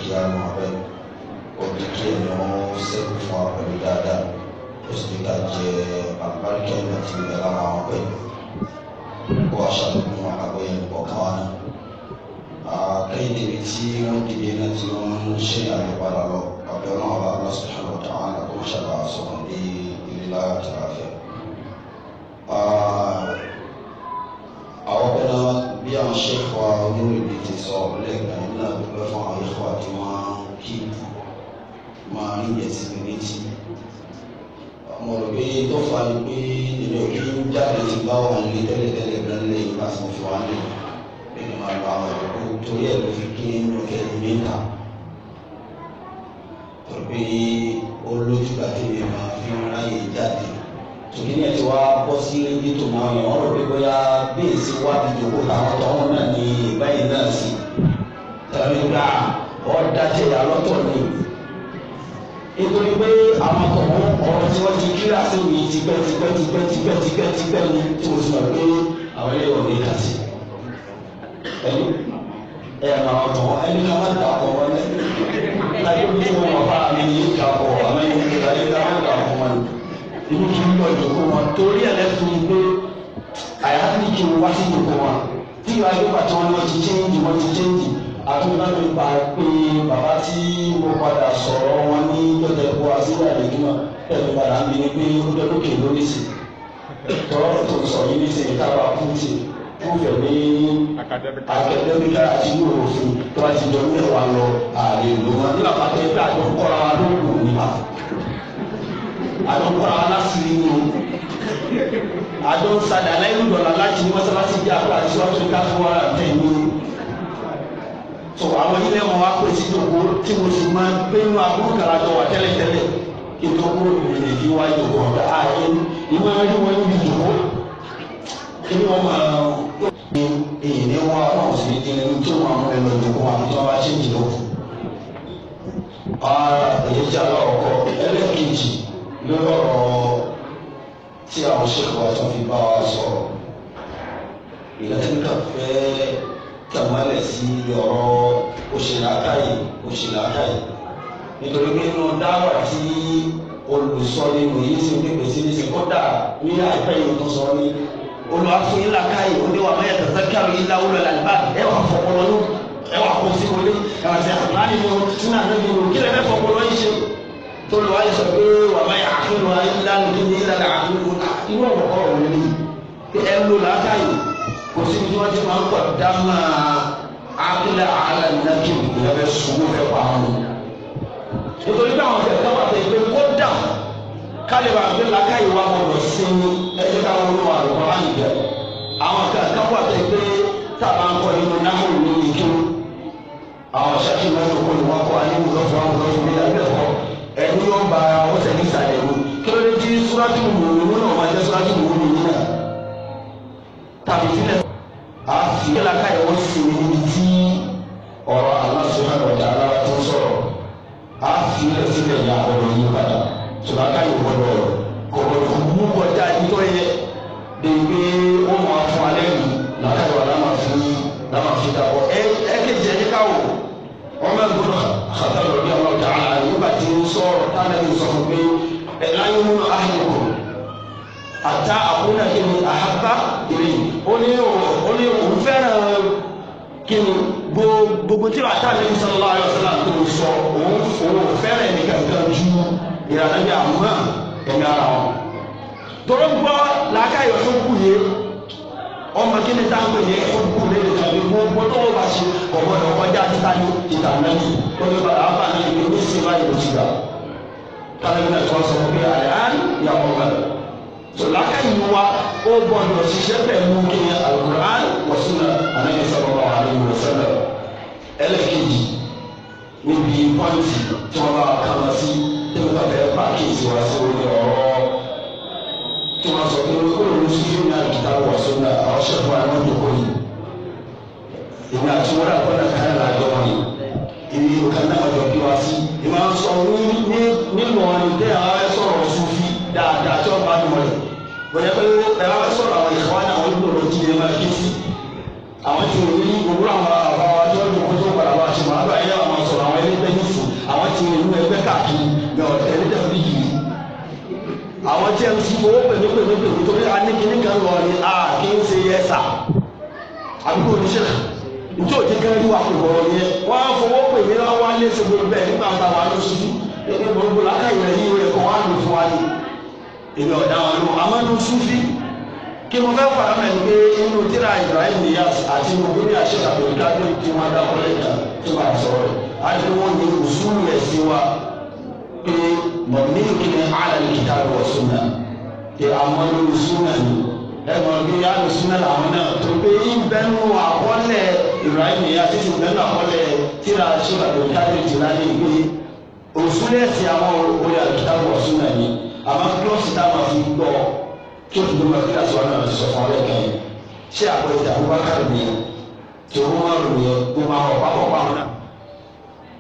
يا ọ̀nà òbí kí ènìyàn sẹ́kù fún wa dada dáadáa ó sì ní ká jẹ àbáríkẹ́ náà ti bẹ̀rẹ̀ lára wọn pẹ̀lú kó aṣàlùkùn àgbẹ̀yẹ̀ kọ̀ọ̀kan wa náà àkẹ́yìn níbi tí wọ́n dìde náà tí wọ́n ń ṣe àgbẹ̀padà lọ àbẹ̀ ọlọ́run bá lọ sí ṣàlọ́ tàwọn àgbẹ̀ wọn ṣàlọ́ àṣọ̀rọ̀ ní ilé lára tàlàfẹ́. àwọn pẹ́ẹ́nà bí àwọn ṣe fa oníròyìn ti sọ lẹ́gbẹ̀ẹ́ nínú àgbẹ̀fẹ́ fún àwọn ìfọ̀ àti wọn kí n kú máa ń yẹ sí méjì ọmọ rẹ pé tó fa ni pé nínú òbí jáde ti bá wà ní tẹ́lẹ̀tẹ́lẹ̀ gan lè bá sọ fún wa lè nínú máa bá wà lọ torí ẹ̀ ló fi kí nínú kẹ́lí níta torí pé ó lójúgbà tèmi máa fi ráyè jáde torí ní ẹ̀ tí wàá bọ́ sí ibi tó máa yàn ọ́ rò pé bóyá bí èsì wá di jòkó làwọn tọ́wọ́n náà ní ìbáyìí náà sí tàbí gbà ọ́ dájẹ́ yà lọ́tọ̀ ni nítorí pé àwọn tọ̀hún ọ̀rọ̀ tí wọ́n ti kíra sí mi tipẹ́ tipẹ́ tipẹ́ tipẹ́ tipẹ́ tipẹ́ ni tí mo ti mọ̀ pé àwọn ilé ìwọ̀n ìka sí. ẹni ẹ ẹ àwọn tọ̀hún ẹni ká má dà pọ̀ wọn lẹ́yìn láyé bí wọ́n wọ̀ fún mi ní ìka pọ̀ àmọ́ ẹni ká lè dá wọn dà pọ̀ wọn. inú kí n lọ ìdòkó wọn torí ẹ̀ lẹ́sùn pé àyà ní kí n wá sí ìdòkó wọn. tí ìwà ìdókòwò àti wọn ni wọ́n ti chẹ́ńjì wọ́n ti chẹ́ńjì àtúntàmì pa pé bàbá tí mo padà sọ̀rọ̀ wọn ní jọ́jọ́ ìbò àṣírí àdéjúmọ̀ tẹ̀lé padà ń bi ni pé ó jẹ́ lókè lórí sí tọ́rọ̀ tó sọ yìí ní sèyí kábà fún sí fúnfẹ̀ ní akadẹ́míkà àti ní òfin tó bá ti jọ mẹ́wàá lọ àlè ló wọn nígbà pàtó ẹgbẹ́ àjọ kọ́ra wa ló kù nípa àjọ kọ́ra wa lásìrí ni àjọ sadà aláìlú dọ̀là láti ní mọ́sálásí bí àpò àti sọ́ọ́sì ká so àwọn ilé wọn wá pè sí ìjòkó tí mo sì máa ń gbé inú aburú kàràjọ wà tẹ́lẹ̀tẹ́lẹ̀ kí n tó kúrò ìrìnà ìfi wá ìjòkó ọ̀gá ààyè ìwé ẹni wọn níbi ìjòkó kí ni wọn máa ní èyí ní wọn àwọn òsì ní ẹni tó wọn àwọn ẹni ìjòkó àti tí wọn bá ṣe ń jìnnà ara èyí tí a lọ ọkọ ẹlẹ́ẹ̀kejì lọ́rọ̀ tí àwọn ṣèkọ̀ọ́ tó fi bá wa sọ̀rọ̀ ìlẹ́tìkà fẹ́ẹ́ tàmálẹ̀ sí ọ̀rọ̀ òṣèlákàyè òṣèlákàyè nítorí pé inú dáwà tí olùsọ̀ni wòye sí onígbèsè ní sí kódà ní àìpẹ́ yìí tó sọ ní olùwàfún yìí làkàyè oníwà mẹ́yà tẹ̀sẹ̀ káwé yìí láwùlọ̀ làlùbá ẹ̀ wà fọ̀pọ̀lọ́ ló ẹ̀ wà kó sí wọlé ẹ̀ wà sí àtúnáyé ló sínú àtúnáyé ló kílẹ̀ ẹ̀ fọ̀pọ̀lọ́ yìí ṣe tó lọ́wọ́ yìí sọ pé wà mẹ́yà àfihàn ìlànà ìlànà àfihàn ìlànà àfihàn kò sí ní wọ́n ti máa ń gbà dáná abúlé àlẹ́ nàkì ìyàbẹ̀ sùnwó fẹ́ pa àwọn ènìyàn. nítorí báwọn fẹ́ kọ́ bàtà ìgbé kódà kálíbà gbé làkàyè wa mọ̀ lọ sí ẹjẹ́ káwọn olú wa lọ́wọ́ á nìjẹ́. àwọn kan kọ́ bàtà ìgbé tàbá ń kọ́ inú náà ní ìjọ. àwọn ṣáṣí mẹ́rin kò ní wọ́n kọ́ ayé wù lọ́fọ̀ àwọn lọ́fọ̀ mi lábẹ́ ẹ̀kọ́ ẹ̀rú yóò ba àwọn sẹ́ni sàlẹ̀ wù kí ló dé tí súrájú wù káàkà ìwọ sí òun tí ọ̀rọ̀ aláṣọyà ọ̀dà alára tó sọ̀rọ̀ á fi rẹ̀ sílẹ̀ ya ọ̀rọ̀ yìí padà ṣùgbọ́n ká ìwọ lọ kọ̀ọ̀rọ̀ fún mú kọjá ìtọ́ yẹ dèbè ó máa fún alẹ́ mi làkàtọ̀ àlámà fún àlámà fún dàbọ̀ ẹ ẹ kéjì ẹ níkà wò ọmọ ẹgbẹ́ xatàlọ́ ọ̀dà ọ̀dà àlà nígbà tí ó sọ̀rọ̀ tánà ló sọ fún pé ẹ̀ láyé múnú áhìnkù àtà àkúnà ìlú àhábà ìrìn ó ní òun fẹ́ kí ni gbogbo tí wàá tàbí sọlá ayọ̀sọ́lá tó sọ òun òun fẹ́rẹ̀ nìkankan ju ìrànlọ́bí àmúhà ẹ̀mí ara wọn. tọ́lọ́ gbọ́ làákàyọ̀ tó kù yé ọmọ kí ni táwọn èèyàn tó kù lé nìkan ní gbogbo tó o bá ṣe ọ̀gbọ́n ní ọkọjá títa ní ìta náà tó ní bàrà áfà náà ní oníṣẹ́ báyìí ló ti gbà. tàbí náà tó sọ pé àyà ìyàwó bàrà sọláka yìí wá ó gbọ́dọ̀ ṣiṣẹ́ pẹ̀lú kíni alukur'an wa sunnah anabi sallallahu alaihi wasallam ẹlẹ́kejì níbi pọ́ǹtì tí wọ́n bá kàwá sí tẹ́wọ́n bá bẹ̀rẹ̀ pàkíyèsí wá sí orí ọ̀rọ̀ tí wọ́n sọ pé olóòrùn sísú ní al-kitab wa sunnah àwọn ṣẹ́fọ́ àwọn ìdókòwò yìí ìwé àti wọ́n rà kọ́nà kan lájọ wọn yìí ìwé ìwé kan náà ọjọ́ bí wá sí ìwé àwọn sọ ní nílùú ọ̀rìn tẹ́ àwọn wọ́n yẹ pé ẹ bá sọ̀rọ̀ àwọn ìfọwọ́ náà wọ́n gbọ́dọ̀ jí ẹ máa ké sí àwọn tí òun ní gbogbo àwọn àwọn àwọn tí wọ́n ti kó tó padà wá ṣe máa bá yẹ àwọn sọ̀rọ̀ àwọn ẹlẹ́gbẹ́ ní sùn àwọn tí òun ní ẹgbẹ́ káàkiri ní ọ̀tẹ̀ ní tẹ̀lé yìí àwọn tí ẹnu sí owó pẹ̀lú pẹ̀lú pẹ̀lú torí aníkíní kan lọ ni a kì í ṣe yẹ sà àbúkù oníṣẹ́ njẹ́ òjì kan rí wà pẹ̀lú ọ̀rọ̀ yẹn wọ́n á fọwọ́ pè mí lọ́wọ́ á lé ṣe gbogbo bẹ́ẹ̀ nígbà tá a wà lóṣù nígbà gbogbo lákàyè rẹ̀ yí rẹ̀ kọ́ wá lò fún wa ni èmi ọ̀dà wọn lò amánú súfì kí mo fẹ́ fara mẹ́rin pé inú tíra Ibrahim Niyas àti inú bíbí àṣekà tó ń dájú kí wọ́n dá wọlé ìjà tó bá sọ̀rọ̀ rẹ̀ àti wọn ní òṣùlù ẹ̀sìn wa pé mọ̀mí kìíní àlàyé kìtà lọ súnà pé àwọn lórí súnà ni ẹ̀gbọ́n bí yálò súnà làwọn náà tó pé ìbẹ́nu àkọọ́lẹ̀ Ibrahim Niyas ti ìbẹ́nu àkọọ́lẹ̀ tíra àṣekà tó ń dájú kìtà ní ìgbé òṣùlù ẹ̀sìn àmọ́ kílọ̀sì táwọn fi gbọ́ tó ti gbọ́ kí àti wọn náà sọ fún ọlọ́kàn yìí ṣé àpẹẹrẹ ìdààmú bá kàrò ní tòun máa rò yẹ kó máa wọ pápọ̀ pa wọn náà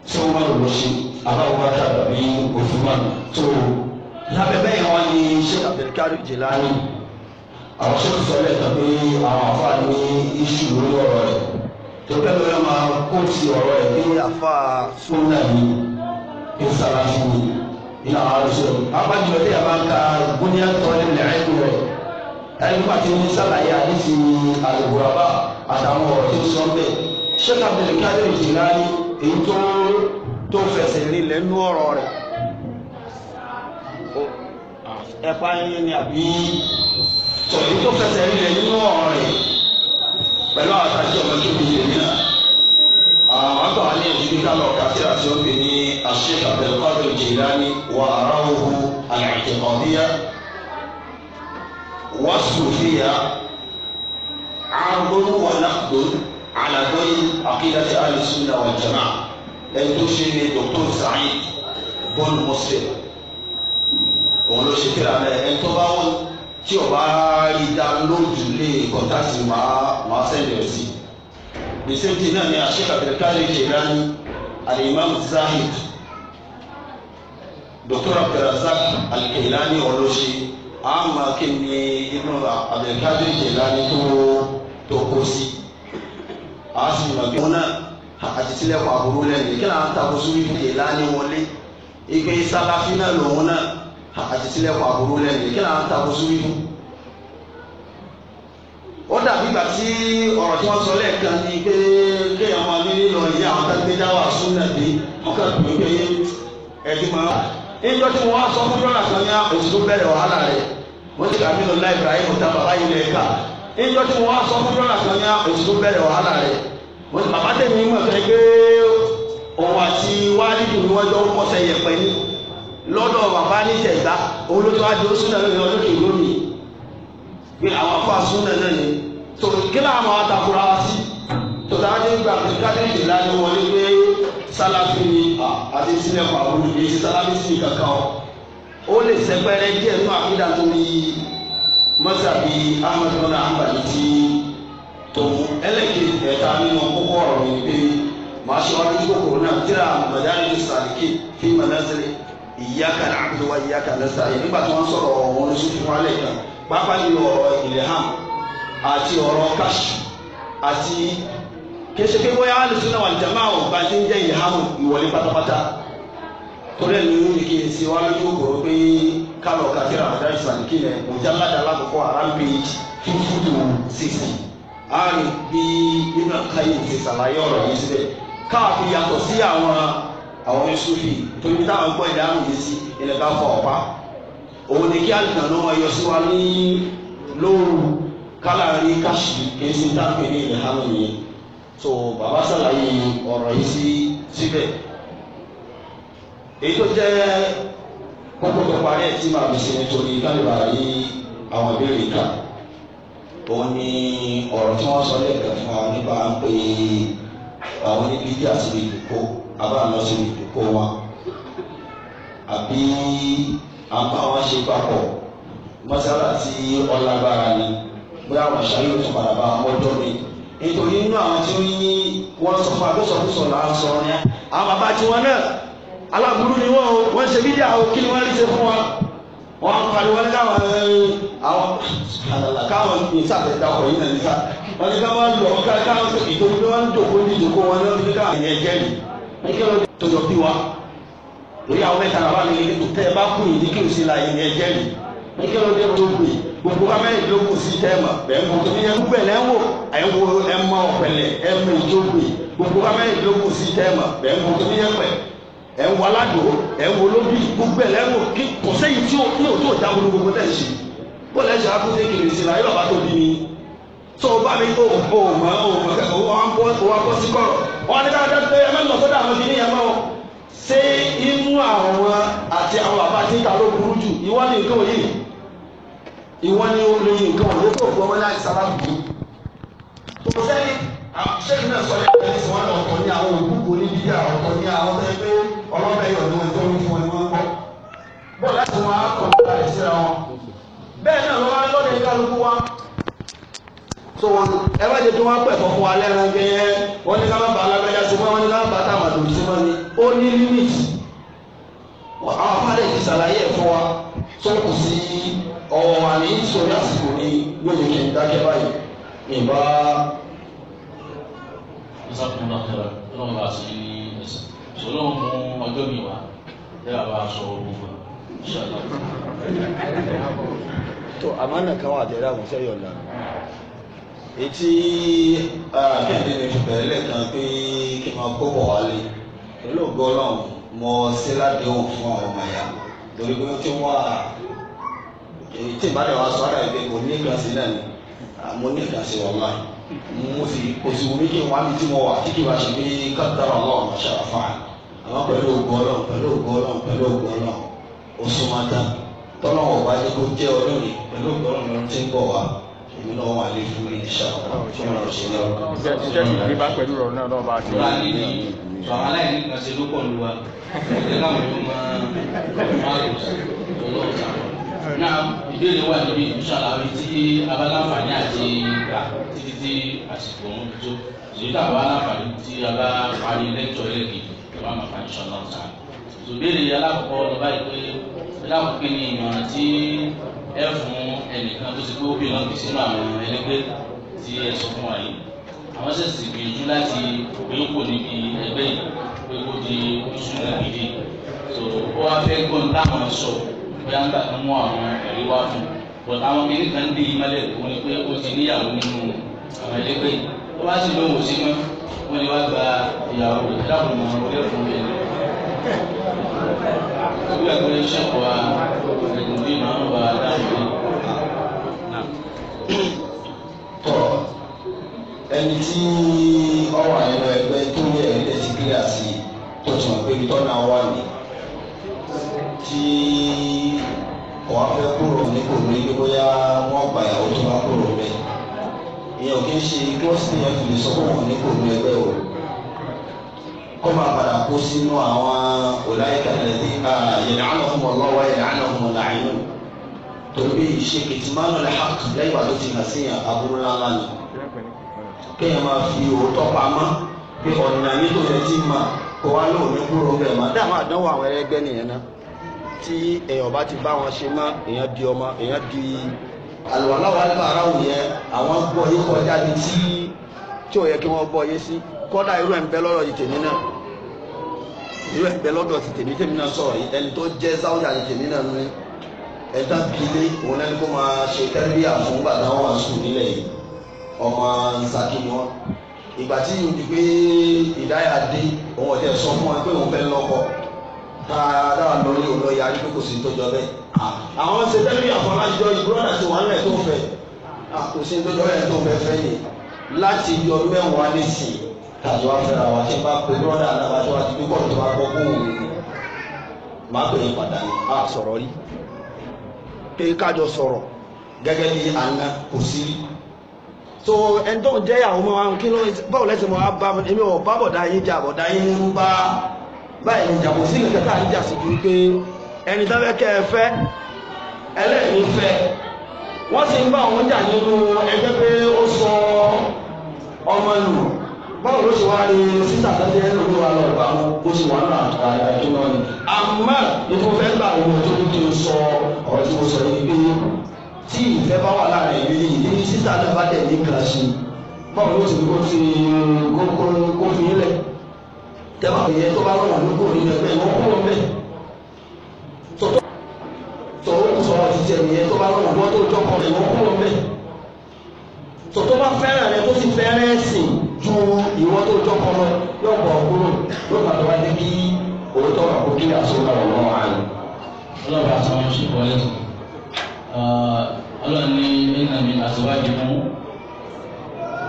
tí wọ́n máa rò lọ sí àbáwọ̀ bá kàrò ní òfin máa tó lábẹ́ bẹ́ẹ̀ wọ́n ní ṣé àbẹ̀kárí Jìlání àwọn ṣé sọ lẹ́tọ̀ pé àwọn àfa ní iṣu lórí ọ̀rọ̀ rẹ̀ tó bẹ́ẹ̀ lọ́ọ́ máa kó ọ̀rọ̀ rẹ̀ dé àfa sóńdà yìí kí nínú àwọn arúgbó pápá jùlọ tí a máa ń ka gbóníyà tọ́lé lẹ̀ ẹ́ lù rẹ̀ ẹni nígbà tí wọ́n sàlàyé àdéhùn àlùbùrọ̀bà àtàwọn ọ̀rọ̀ tó sọ bẹ́ẹ̀ ṣẹ́ka bẹ̀rẹ̀ kí adé ìjì náà ní tó fẹsẹ̀ rinlẹ̀ nú nínú ọ̀rọ̀ pẹ̀lú àtàjọ ọ̀rọ̀ tó àwọn ah, kan ní ìdíbí kálọ̀ kàtí àti òbí ní Sheikh Abdul Qadir Jilani wà aráwòhu al-i'tiqadiyya wà sùfìyà àrùn wà nàkùn àlàdóyè aqidati ahli sunnah wal jama'a ẹni tó ṣe ní Dr. Sa'id bọ́ọ̀lù Muslim òun ló ṣe kíra mẹ ẹni tó bá wọn tí o bá rí dá lójú lé kọ́ńtà sí máa máa sẹ́yìn rẹ̀ sí i the same thing náà ni Sheikh Abdulkadir Jilani alimami zahid Dr. Abdulrazak Al-Kailani ọlọ́ṣẹ́ àmà kí ni inú Abdulkadir Jilani tó tó kó sí àásùnmọ̀ bí wọn náà àti tilẹ̀kùn àbúrò lẹ́nu kí náà ń takò sórí Jilani wọlé ìpín sálàfínà lòun náà àti tilẹ̀kùn àbúrò lẹ́nu kí náà ń takò sórí fún. sí ọ̀rọ̀ tí wọ́n sọ lẹ́ẹ̀kan ni pé kéèyàn máa ní nílò ìyá àwọn tó gbé súnà bí wọ́n kà pé pé ẹ̀dí máa wà. níjọ́ tí wọ́n sọ fún brọ́dà kan ní oṣù bẹ̀rẹ̀ wàhálà rẹ̀ wọ́n ti kàmí lọ láì Ibrahim ta bàbá yìí lẹ́ẹ̀ka. níjọ́ tí wọ́n sọ fún brọ́dà kan ní oṣù bẹ̀rẹ̀ wàhálà rẹ̀ wọ́n ti bàbá tẹ̀mí mọ̀ fẹ́ pé òun àti wálídì ni wọ́n jọ ń kọ́sẹ̀ yẹpẹ́ ní lọ́dọ̀ bàbá níjẹ̀dá òun ló tó wá náà lónìí ọdún kìlónì pé àwọn afọ àsúnà náà ni tòkìlà àwọn atakùrọ̀ wa sí tòtà á ní gbà pé kádìrì ìlànà wọlé pé sálàfì ni àti sílẹ̀kùn àbúrò yìí ti sálàfì sí kankan o ó lè sẹpẹrẹ díẹ̀ nínú àkídà tó ní mọ́sàbí ahmed bọ́lá àǹbàdì tí tòun ẹlẹ́kì ẹ̀ta nínú kókó ọ̀rọ̀ yìí pé màá ṣe wá lójú kòkòrò náà kíra mọ̀dáyé ní sàríkì fi mọ̀lẹ́sẹ̀rẹ̀ ìyáka náà àbúrò wa ìyáka lẹ́sà yìí nígbà tí wọ́n sọ̀rọ̀ wọn lóṣù fún wa lẹ́ẹ̀kan pápá yìí ọ̀rọ̀ ilẹ̀ hàn àti ọ̀rọ̀ káṣù àti kéṣe pé bóyá ti ń jẹ́ ìhámù ìwọlé pátápátá torí ẹni yóò yìí kí n ṣe wá lójú òkòrò pé kálọ̀ kàtí ramadan ismail kí ni ala ládàá aram around page to bí nínú àkáyé ti ṣàlàyé ọ̀rọ̀ yìí síbẹ̀ ni kí yọ sí wa ní kálá rí káṣí kìí ṣe táàpì ní ilẹ̀ hánà nìyẹn so bàbá ṣàlàyé ọ̀rọ̀ yìí sí síbẹ̀ èyí tó jẹ́ kókótó parí ẹ̀ tí màá fi ṣe nítorí kálíbà rí àwọn ìbéèrè ìka òun ni ọ̀rọ̀ tí wọ́n sọ lẹ́ẹ̀kan fún wa nípa pé àwọn níbi díẹ̀ àti ìdòkó abáàlọ́ sí ìdòkó wọn àbí àbáwọn ṣe papọ̀ mọ́sálásí ọlágbára ni bóyá àwọn àṣà yóò tún padà bá ọjọ́ mi nítorí inú àwọn tí ó ní wọ́n sọ fún agbósọ̀kúsọ̀ là ń sọ ni àwọn bàbá tiwọn náà aláburú ni wọ́n o wọ́n ṣe bídíà o kí ni wọ́n rí ṣe fún wa wọ́n ń pariwo ní káwọn àwọn káwọn ní sàtẹ̀dá ọkọ̀ yìí nàní sá wọ́n ní káwọn lọ káwọn ìtòkú ni wọ́n ń dòkó ní ìdòkó wọn ní wọ́n ní káwọn ìyẹn jẹ́ ni wọ́n kí ló tó yọ bí wa lórí àwọn mẹ́ta làwọn àgbẹ̀ tẹ́ o ṣe gbogbo wa mẹ́rin ló kù sí tẹ́ẹ̀mà bẹ́ẹ̀ ń wo tóbi ẹ̀ ń gbẹ̀lẹ́ ń wò ẹ̀ ń wo ẹ̀ mọ ọ̀pẹ̀lẹ̀ ẹ̀ mọ ìjókòó gbogbo wa mẹ́rin ló kù sí tẹ́ẹ̀mà bẹ́ẹ̀ ń wo tóbi ẹ̀ pẹ̀ ẹ̀ ń wo aládò ẹ̀ ń wo lóbi gbogbo ẹ̀ lẹ́wọ̀ kí kò sẹ́yìn tí o tí o tó o dábòlò gbogbo tẹ̀ ṣe kó lẹ́sẹ̀ akúté kiri sí la yóò bá tóbi ni tó o bá mi kó o mọ o mọ wa bọ́ sí kọ̀rọ̀ wọn ni káwọn dájú pé ẹ mẹ́rin lọ sọ́dọ̀ àwọn kìíní yẹn mọ́ ṣé imú àwọn àti àwọn àbá ti ta ló burú jù ìwọ́n ní nǹkan yìí ìwọ ni ó lóye nǹkan ọ̀dọ́ tó fún ọmọ láì sábà bù ú. kò sẹ́ni ṣẹ́ni náà sọ yàtọ̀ ní sọ́wọ́n náà ọ̀tọ̀ ní àwọn òkúkú níbi yà ọ̀tọ̀ ní àwọn tó ń ọlọ́bẹ̀ yọ̀ ní wọn tó ń fún ọ wọn kọ́. bọ́ọ̀lù láti wọn á kọ̀ nípa rẹ̀ síra wọn. bẹ́ẹ̀ náà lọ́wọ́ lọ́dẹ kálukú wa. tó wọn ẹ bá jẹ kí wọn pẹ̀ fọ́fún alẹ́ rẹ gẹ́gẹ́ ọ̀rọ̀ àní sórí àsìkò ni lóye kí n dákẹ́ báyìí ní bá. ìsàkùn náà tẹ̀lé ọlọ́run bá sí ẹsẹ̀ ṣòlóhùn fún ọjọ́ mi wá lẹ́yà bá a sọ gbogbo tó àmánà kan wà tẹ̀lé àwọn sẹ́yọ̀ náà etí akéde ní bẹ̀rẹ̀ lẹ́ẹ̀kan pé kí n máa kó bọ̀ wálé olóògbé ọlọ́run mo ṣe ládéhùn fún àwọn ọmọ ẹ̀yà torí pé ó ti wà èyí tí ìbádẹ́ wa sọ ara ẹ̀ pé kò ní ìgbàsí náà ni mo ní ìgbàsí wọn máa mo sì kò sì wù mí kí n wá mi tí mo wà tí kì í wá ṣe pé kápítàrà ọlọ́run ọ̀ṣà fà á àmọ́ pẹ̀lú ògùn ọlọ́run pẹ̀lú ògùn ọlọ́run pẹ̀lú ògùn ọlọ́run ó sún máa tán tọ́lọ́wọ̀n kó jẹ́ ọlọ́run pẹ̀lú ògùn ọlọ́run tí ń bọ̀ wá èmi náà wà lè fún mi níṣà ọ̀rọ̀ ṣe na ìbéèrè wà níbi ìṣàlàyé tí abaláǹfààní àti ìgbà títí tí àsìkò òun tó èyí tó àwọn aláǹfààní tí abá parí lẹ́tọ̀ ẹ̀kì tó bá máa fàáyé ṣọlá ọ̀tá ìbéèrè alákọ̀ọ́kọ́ lọ́ba ìpè ìdáàbòkè ni ìmọ̀ràn tí ẹ fún ẹnìkan tó ti gbówó bí náà fi sínú àwọn ẹlẹgbẹ́ tí ẹ sọ fún wa yìí àwọn ṣẹ̀ṣì gbìyànjú láti ògbéyòpò níbi ẹgbẹ́ yìí pé kó di oṣù nàgídì tó ó wá fẹ́ gbọ́n táwọn sọ̀rọ̀ bóyá ń gbà tó mú àwọn ẹ̀rí wá fún bọ̀ táwọn kìíní kan dì í mọ́lẹ̀ òun ni pé ó ti níyàwó nínú àwọn ilé pé tó bá sì lóhùn sí mọ́ wọ́n lè wá gba ìyàwó rẹ̀ dábòó mọ́ ọ̀rọ̀ lẹ́fún mi. Ìwé ẹ̀kọ́ lè ṣẹ̀kọ́ wa ẹ̀dùn bí màá ń wà dáhùn mi. Tọ́ ẹni tí ọwọ́ àyẹ̀wò ẹgbẹ́ tó ní ẹ̀rí lẹ́sìn kíláàsì tó ti mọ̀ pé tọ́nà wà ní tí wọ́n fẹ́ kúrò nípò ní bóyá wọ́n gba ìyàwó tó bá kúrò bẹ́ẹ̀ ìyẹn ò kí ń ṣe kí wọ́n sì yẹn fi lè sọ pé wọ́n nípò ní ẹgbẹ́ o kó máa padà kó sínú àwọn ọ̀làyíká lẹ́tí yẹ̀dá àná fún ọlọ́wọ́ yẹ̀dá àná fún ọ̀làyínú torí ìṣe kìtìmánú lè hàk lẹ́yìn àti ti hàn síyàn aburú lánàá ni kéèyàn máa fi òótọ́ pamọ́ pé ọ̀nà yìí tó yẹ ti mà kó wá lóòní kúrò bẹ́ẹ̀ má dáhùn àdánwò àwọn ẹlẹgbẹ́ nìyẹn náà tí èèyàn bá ti bá wọn ṣe mọ́ èèyàn di ọmọ èèyàn di àlùwàláwà alábàárà wò yẹ àwọn gbọ́ yé kọjá ní tí tí ò yẹ kí wọ́n gbọ́ yé sí kọ́dà irú ẹ̀ ń bẹ lọ́rọ̀ yìí tèmi náà irú ẹ̀ ń bẹ lọ́dọ̀ ti tèmi tèmi náà sọ̀rọ̀ yìí ẹni tó jẹ́ sáwùjà ní tèmi náà ní ẹ̀dá bilé òun lẹ́nu kó máa ṣe tẹ́lẹ̀ àfún gbàdá wọn àṣù nílẹ̀ yìí ọmọ nsàkí wọn ìgbà tí yìí di pé ìdáyà dé òun ọ̀dẹ̀ sọ fún wa pé òun fẹ́ lọ́kọ̀ọ́ dáadáa lórí òun lọ yarí pé kò sí tọjọ bẹ́ẹ̀ àwọn sẹtẹrì àfọlájọ ìgbọràn àti wàhálà tó fẹ́ kò sí tọjọ bẹ́ẹ̀ tó fẹ́ fẹ́ yìí láti yọ mẹ́wàá nísìnyí tàbí wàá fẹ́ra wa ṣe máa pe brọ́dà alábàjọ àti bíbọ̀ tó wàá gbọ́ bóun mi máa pè é padà ní. a sọ̀rọ̀ rí pé kájọ sọ̀rọ̀ gẹ́gẹ́ bí àná kò sí rí. so ẹni tó ń jẹ́ ìyàwó mọ́ wa kí ló báwo lẹ́sìn mọ́ wa bá mi èmi ò bá bọ̀dá yín jà bọ̀dá yín ń bá báyìí ní ìjàpọ̀ sí nǹkan tá à ń jà sí ju pé ẹni tó fẹ́ kẹ́ ẹ fẹ́ ẹlẹ́yìn fẹ́ wọ́n sì ń bá àwọn jà nínú ẹgbẹ́ pé ó sọ ọmọ nù báwo ló ṣe wá rí sísà tẹ́tẹ́ lórí wa lọ bá bó ṣe wà náà àtàrà tó náà ni àmọ́ ètò fẹ́ gbà wọn tó ní sọ ọ̀rọ̀ tí mo sọ yìí pé tí ìfẹ́ bá wà láàrin ìlú yìí ní sísà náà bá tẹ̀ ní kàṣí báwo ló ṣe kó fi kó fi yín lẹ̀ tẹ́wọ́ àgbẹ̀yẹ tó bá lọ́wọ́ àdúgbò nínú ẹgbẹ́ ìwọ́n kúrò ń bẹ̀ tọ́wọ́ kù sọ̀rọ̀ jíjẹ nìyẹn tó bá lọ́wọ́ àdúgbò tó jọkọ̀ ìwọ́n kúrò ń bẹ̀ tọ́tọ́ bá fẹ́ràn rẹ tó sì fẹ́rẹ́ sìn ju ìwọ́n tó jọkọ̀ lọ yóò bọ̀ kúrò yóò bá tó bá dé bí òótọ́ àpò kí àsọ̀rọ̀ ọ̀rọ̀ àná. ọlọ́run àti wọn ṣe wọlé ọlọ́run ní ẹ̀yìn àmì àṣewájú fún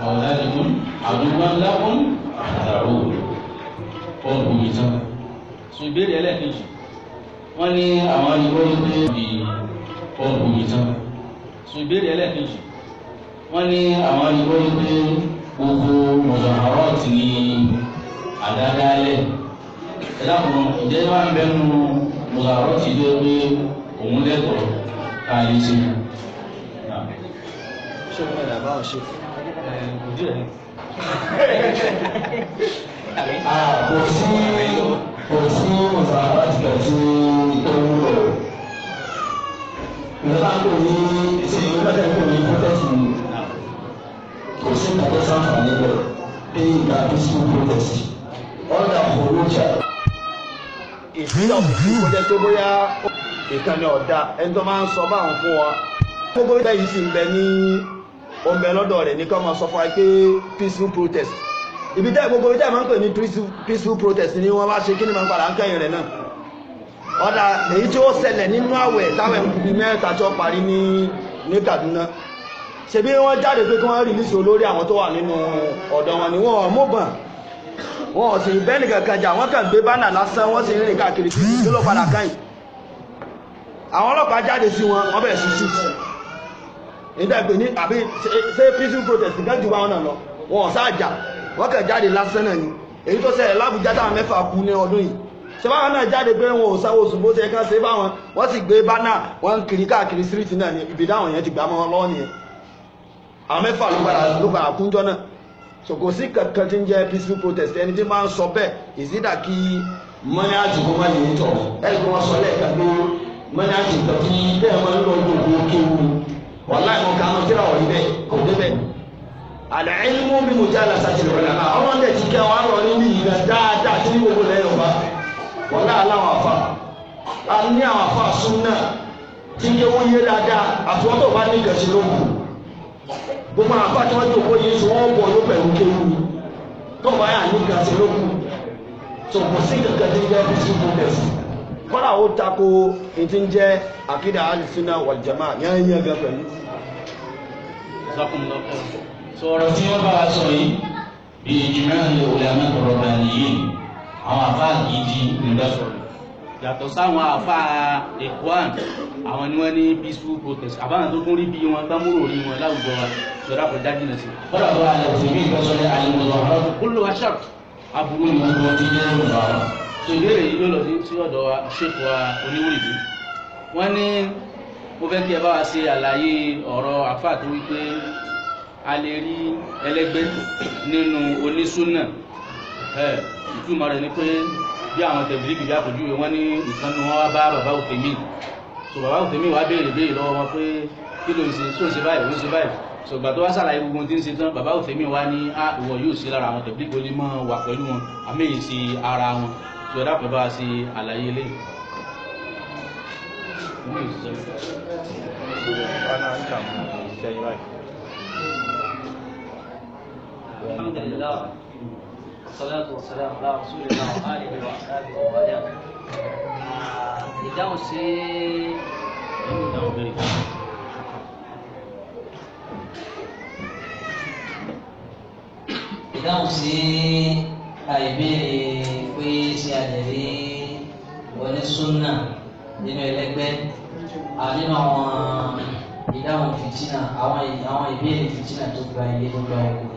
ọ̀dàdìkún àdúgbò ńlá fún àtàrà òwúrọ̀ fọ́ọ̀mù yìí tán sùn ìbéèrè ẹlẹ́ẹ̀kejì wọ́n ní àwọn arìnrìn wọ́n pé fọ́ọ̀mù yìí tán sùn ìbéèrè ẹlẹ́ẹ̀kejì wọ́n ní àwọn arìnrìn wọ́n pé gbogbo mọ̀tò àárọ̀ tì ní àdáadáalẹ̀ ẹ̀dàkùn ìjẹ́ máa ń bẹ́nu mọ̀tò àárọ̀ tì dé pé òun lẹ́tọ̀ọ́ ká lè ṣe. ṣé o fẹ́ dàbá ọ̀ṣẹ́? ẹ̀ ẹ̀ kò sí kò sí mùsàlùmá tìkẹ̀ tí tó ń lò. Ìjọba ń pè ní ti ìjọba ń pè ní protest ni kò sí ìdájọ́ sáǹfààní bẹ̀ pé ìgbà peaceful protest ọ̀dà òwúrọ̀jà. Ìpínlẹ̀ òkú kó jẹ́ pé bóyá ìkànnì ọ̀dà ẹni tó máa ń sọ báwọn fún wa. Gbogbo ìgbà yìí peaceful protest ibi tẹ́ gbogbo ibi tẹ́ máa ń pè ní peaceful protest ni wọ́n bá ṣe kí ni máa ń padà ń kẹ́yìn rẹ̀ náà ọ̀dà èyí tí ó ṣẹlẹ̀ nínú àwẹ̀ táwẹ̀ ń bí mẹ́ta tí ó parí ní ní Kaduna ṣebí wọ́n jáde pé kí wọ́n rìlísì olórí àwọn tó wà nínú ọ̀dọ̀ wọn ni wọ́n mọ̀bọ̀n wọn ò sì bẹ́ẹ̀nì kankan jà wọ́n kàn gbé bánà lásán wọ́n sì ń rìn káàkiri tó lọ padà káyìn àwọn ọlọ́pàá jáde sí wọn wọ́n bẹ̀rẹ̀ sí ṣùtù nígbà pé ní àbí ṣe peaceful protest kan jù bá wọn náà lọ wọn ò sáà jà wọ́n kàn jáde lásán náà ni èyí tó ṣẹlẹ̀ lábújá táwọn mẹ́fà kú ní ọdún yìí ṣé báwọn náà jáde pé wọn ò sáwọ́ oṣù bó ṣe kán ṣe báwọn wọ́n sì gbé bánà wọ́n ń kiri káàkiri síríìtì náà ni ibi dáwọn yẹn ti gbà mọ́ lọ́wọ́ nìyẹn àwọn mẹ́fà ló padà ló padà kúnjọ́ náà so kò sí kankan tí ń jẹ́ peaceful protest ẹni tí máa ń sọ bẹ́ẹ̀ ìsídà kí mọ́ni àti kó má yìí tọ̀ ẹni tí wọ́n sọ lẹ́ẹ̀kan pé mọ́ni àti kàtí àlẹ́ẹ̀lmú bí mo jẹ́ alasàtì ìrọ̀lẹ́mà ọmọ ń tẹ̀sí kí àwọn àrọ̀ nínú ìgbà dáadáa tí gbogbo lẹ́yìn ọba wọ́n náà láwọn afa a ní àwọn afa sún náà tí yẹ wọ́n yé dáadáa àfọwọ́tò bá ní ìdẹ̀sí ló kù gbogbo àwọn afa tí wọ́n tó kó yé sọ wọ́n bọ̀ ló pẹ̀lú kéwu tó bá yà ní ìdẹ̀sí ló kù tó kò sí kankan tí yẹ fi sùn dẹ̀sí kọ́lá ó tako ètí ń jẹ́ àkídà alìsínà wàlìjàmá yẹn yẹn gan pẹ̀lú sọ̀rọ̀ tí wọ́n bá wa sọ yìí bí ìjìnlẹ̀ ilé ulama rabbaniyyin àwọn àfa gidi nígbà sọ̀rọ̀ yàtọ̀ sáwọn àfa ikhwan àwọn ni wọ́n ní peaceful protest àbáwọn tó kún rí bí wọn gbámúrò rí wọn láwùjọ wa lọ́dà kò dájú náà sí. bọ́dà bọ́ àlẹ́ òsì bí ìgbà sọ́lé àyẹ̀wò ọ̀rọ̀ kó ló wa ṣàp aburú ni wọ́n ti jẹ́ ìrọ̀lọ́ ọ̀rọ̀. tó ìbéèrè yìí yóò lọ sí ọ̀dọ̀ wa ṣèkọ wa oníwòrìdì wọ́n ní mo fẹ́ a lè rí ẹlẹ́gbẹ́ nínú onísúnà ìtumọ̀ rẹ̀ ni pé bí àwọn tẹ̀bílíkì bí àpèjúwe wọn ní ìkànnì wọn wá bá bàbá òtèmí so bàbá òtèmí wàá béèrè béèrè lọ́wọ́ wọn pé kí ló ń ṣe sóun ṣe báyìí ló ń ṣe báyìí sọgbà tó wá sàlàyé gbogbo tí ń ṣe tán bàbá òfèmí wa ní á ìwọ yóò sí lára àwọn tẹ̀blí kò ní mọ́ wà pẹ̀lú wọn àmẹ́yìn sí ara wọn tó ẹ̀dá Thank you. الحمد لله والصلاة والسلام على رسول الله وآله وأصحابه وآله ìdáhùn sí ìdáhùn bẹ́ẹ̀ ìdáhùn sí àìbéèrè pé ṣe àdẹ̀rí wọlé súnà nínú ẹlẹgbẹ́ nínú àwọn ìdáhùn fìtínà àwọn ìbéèrè fìtínà tó gba ilé tó gba ẹ̀kọ́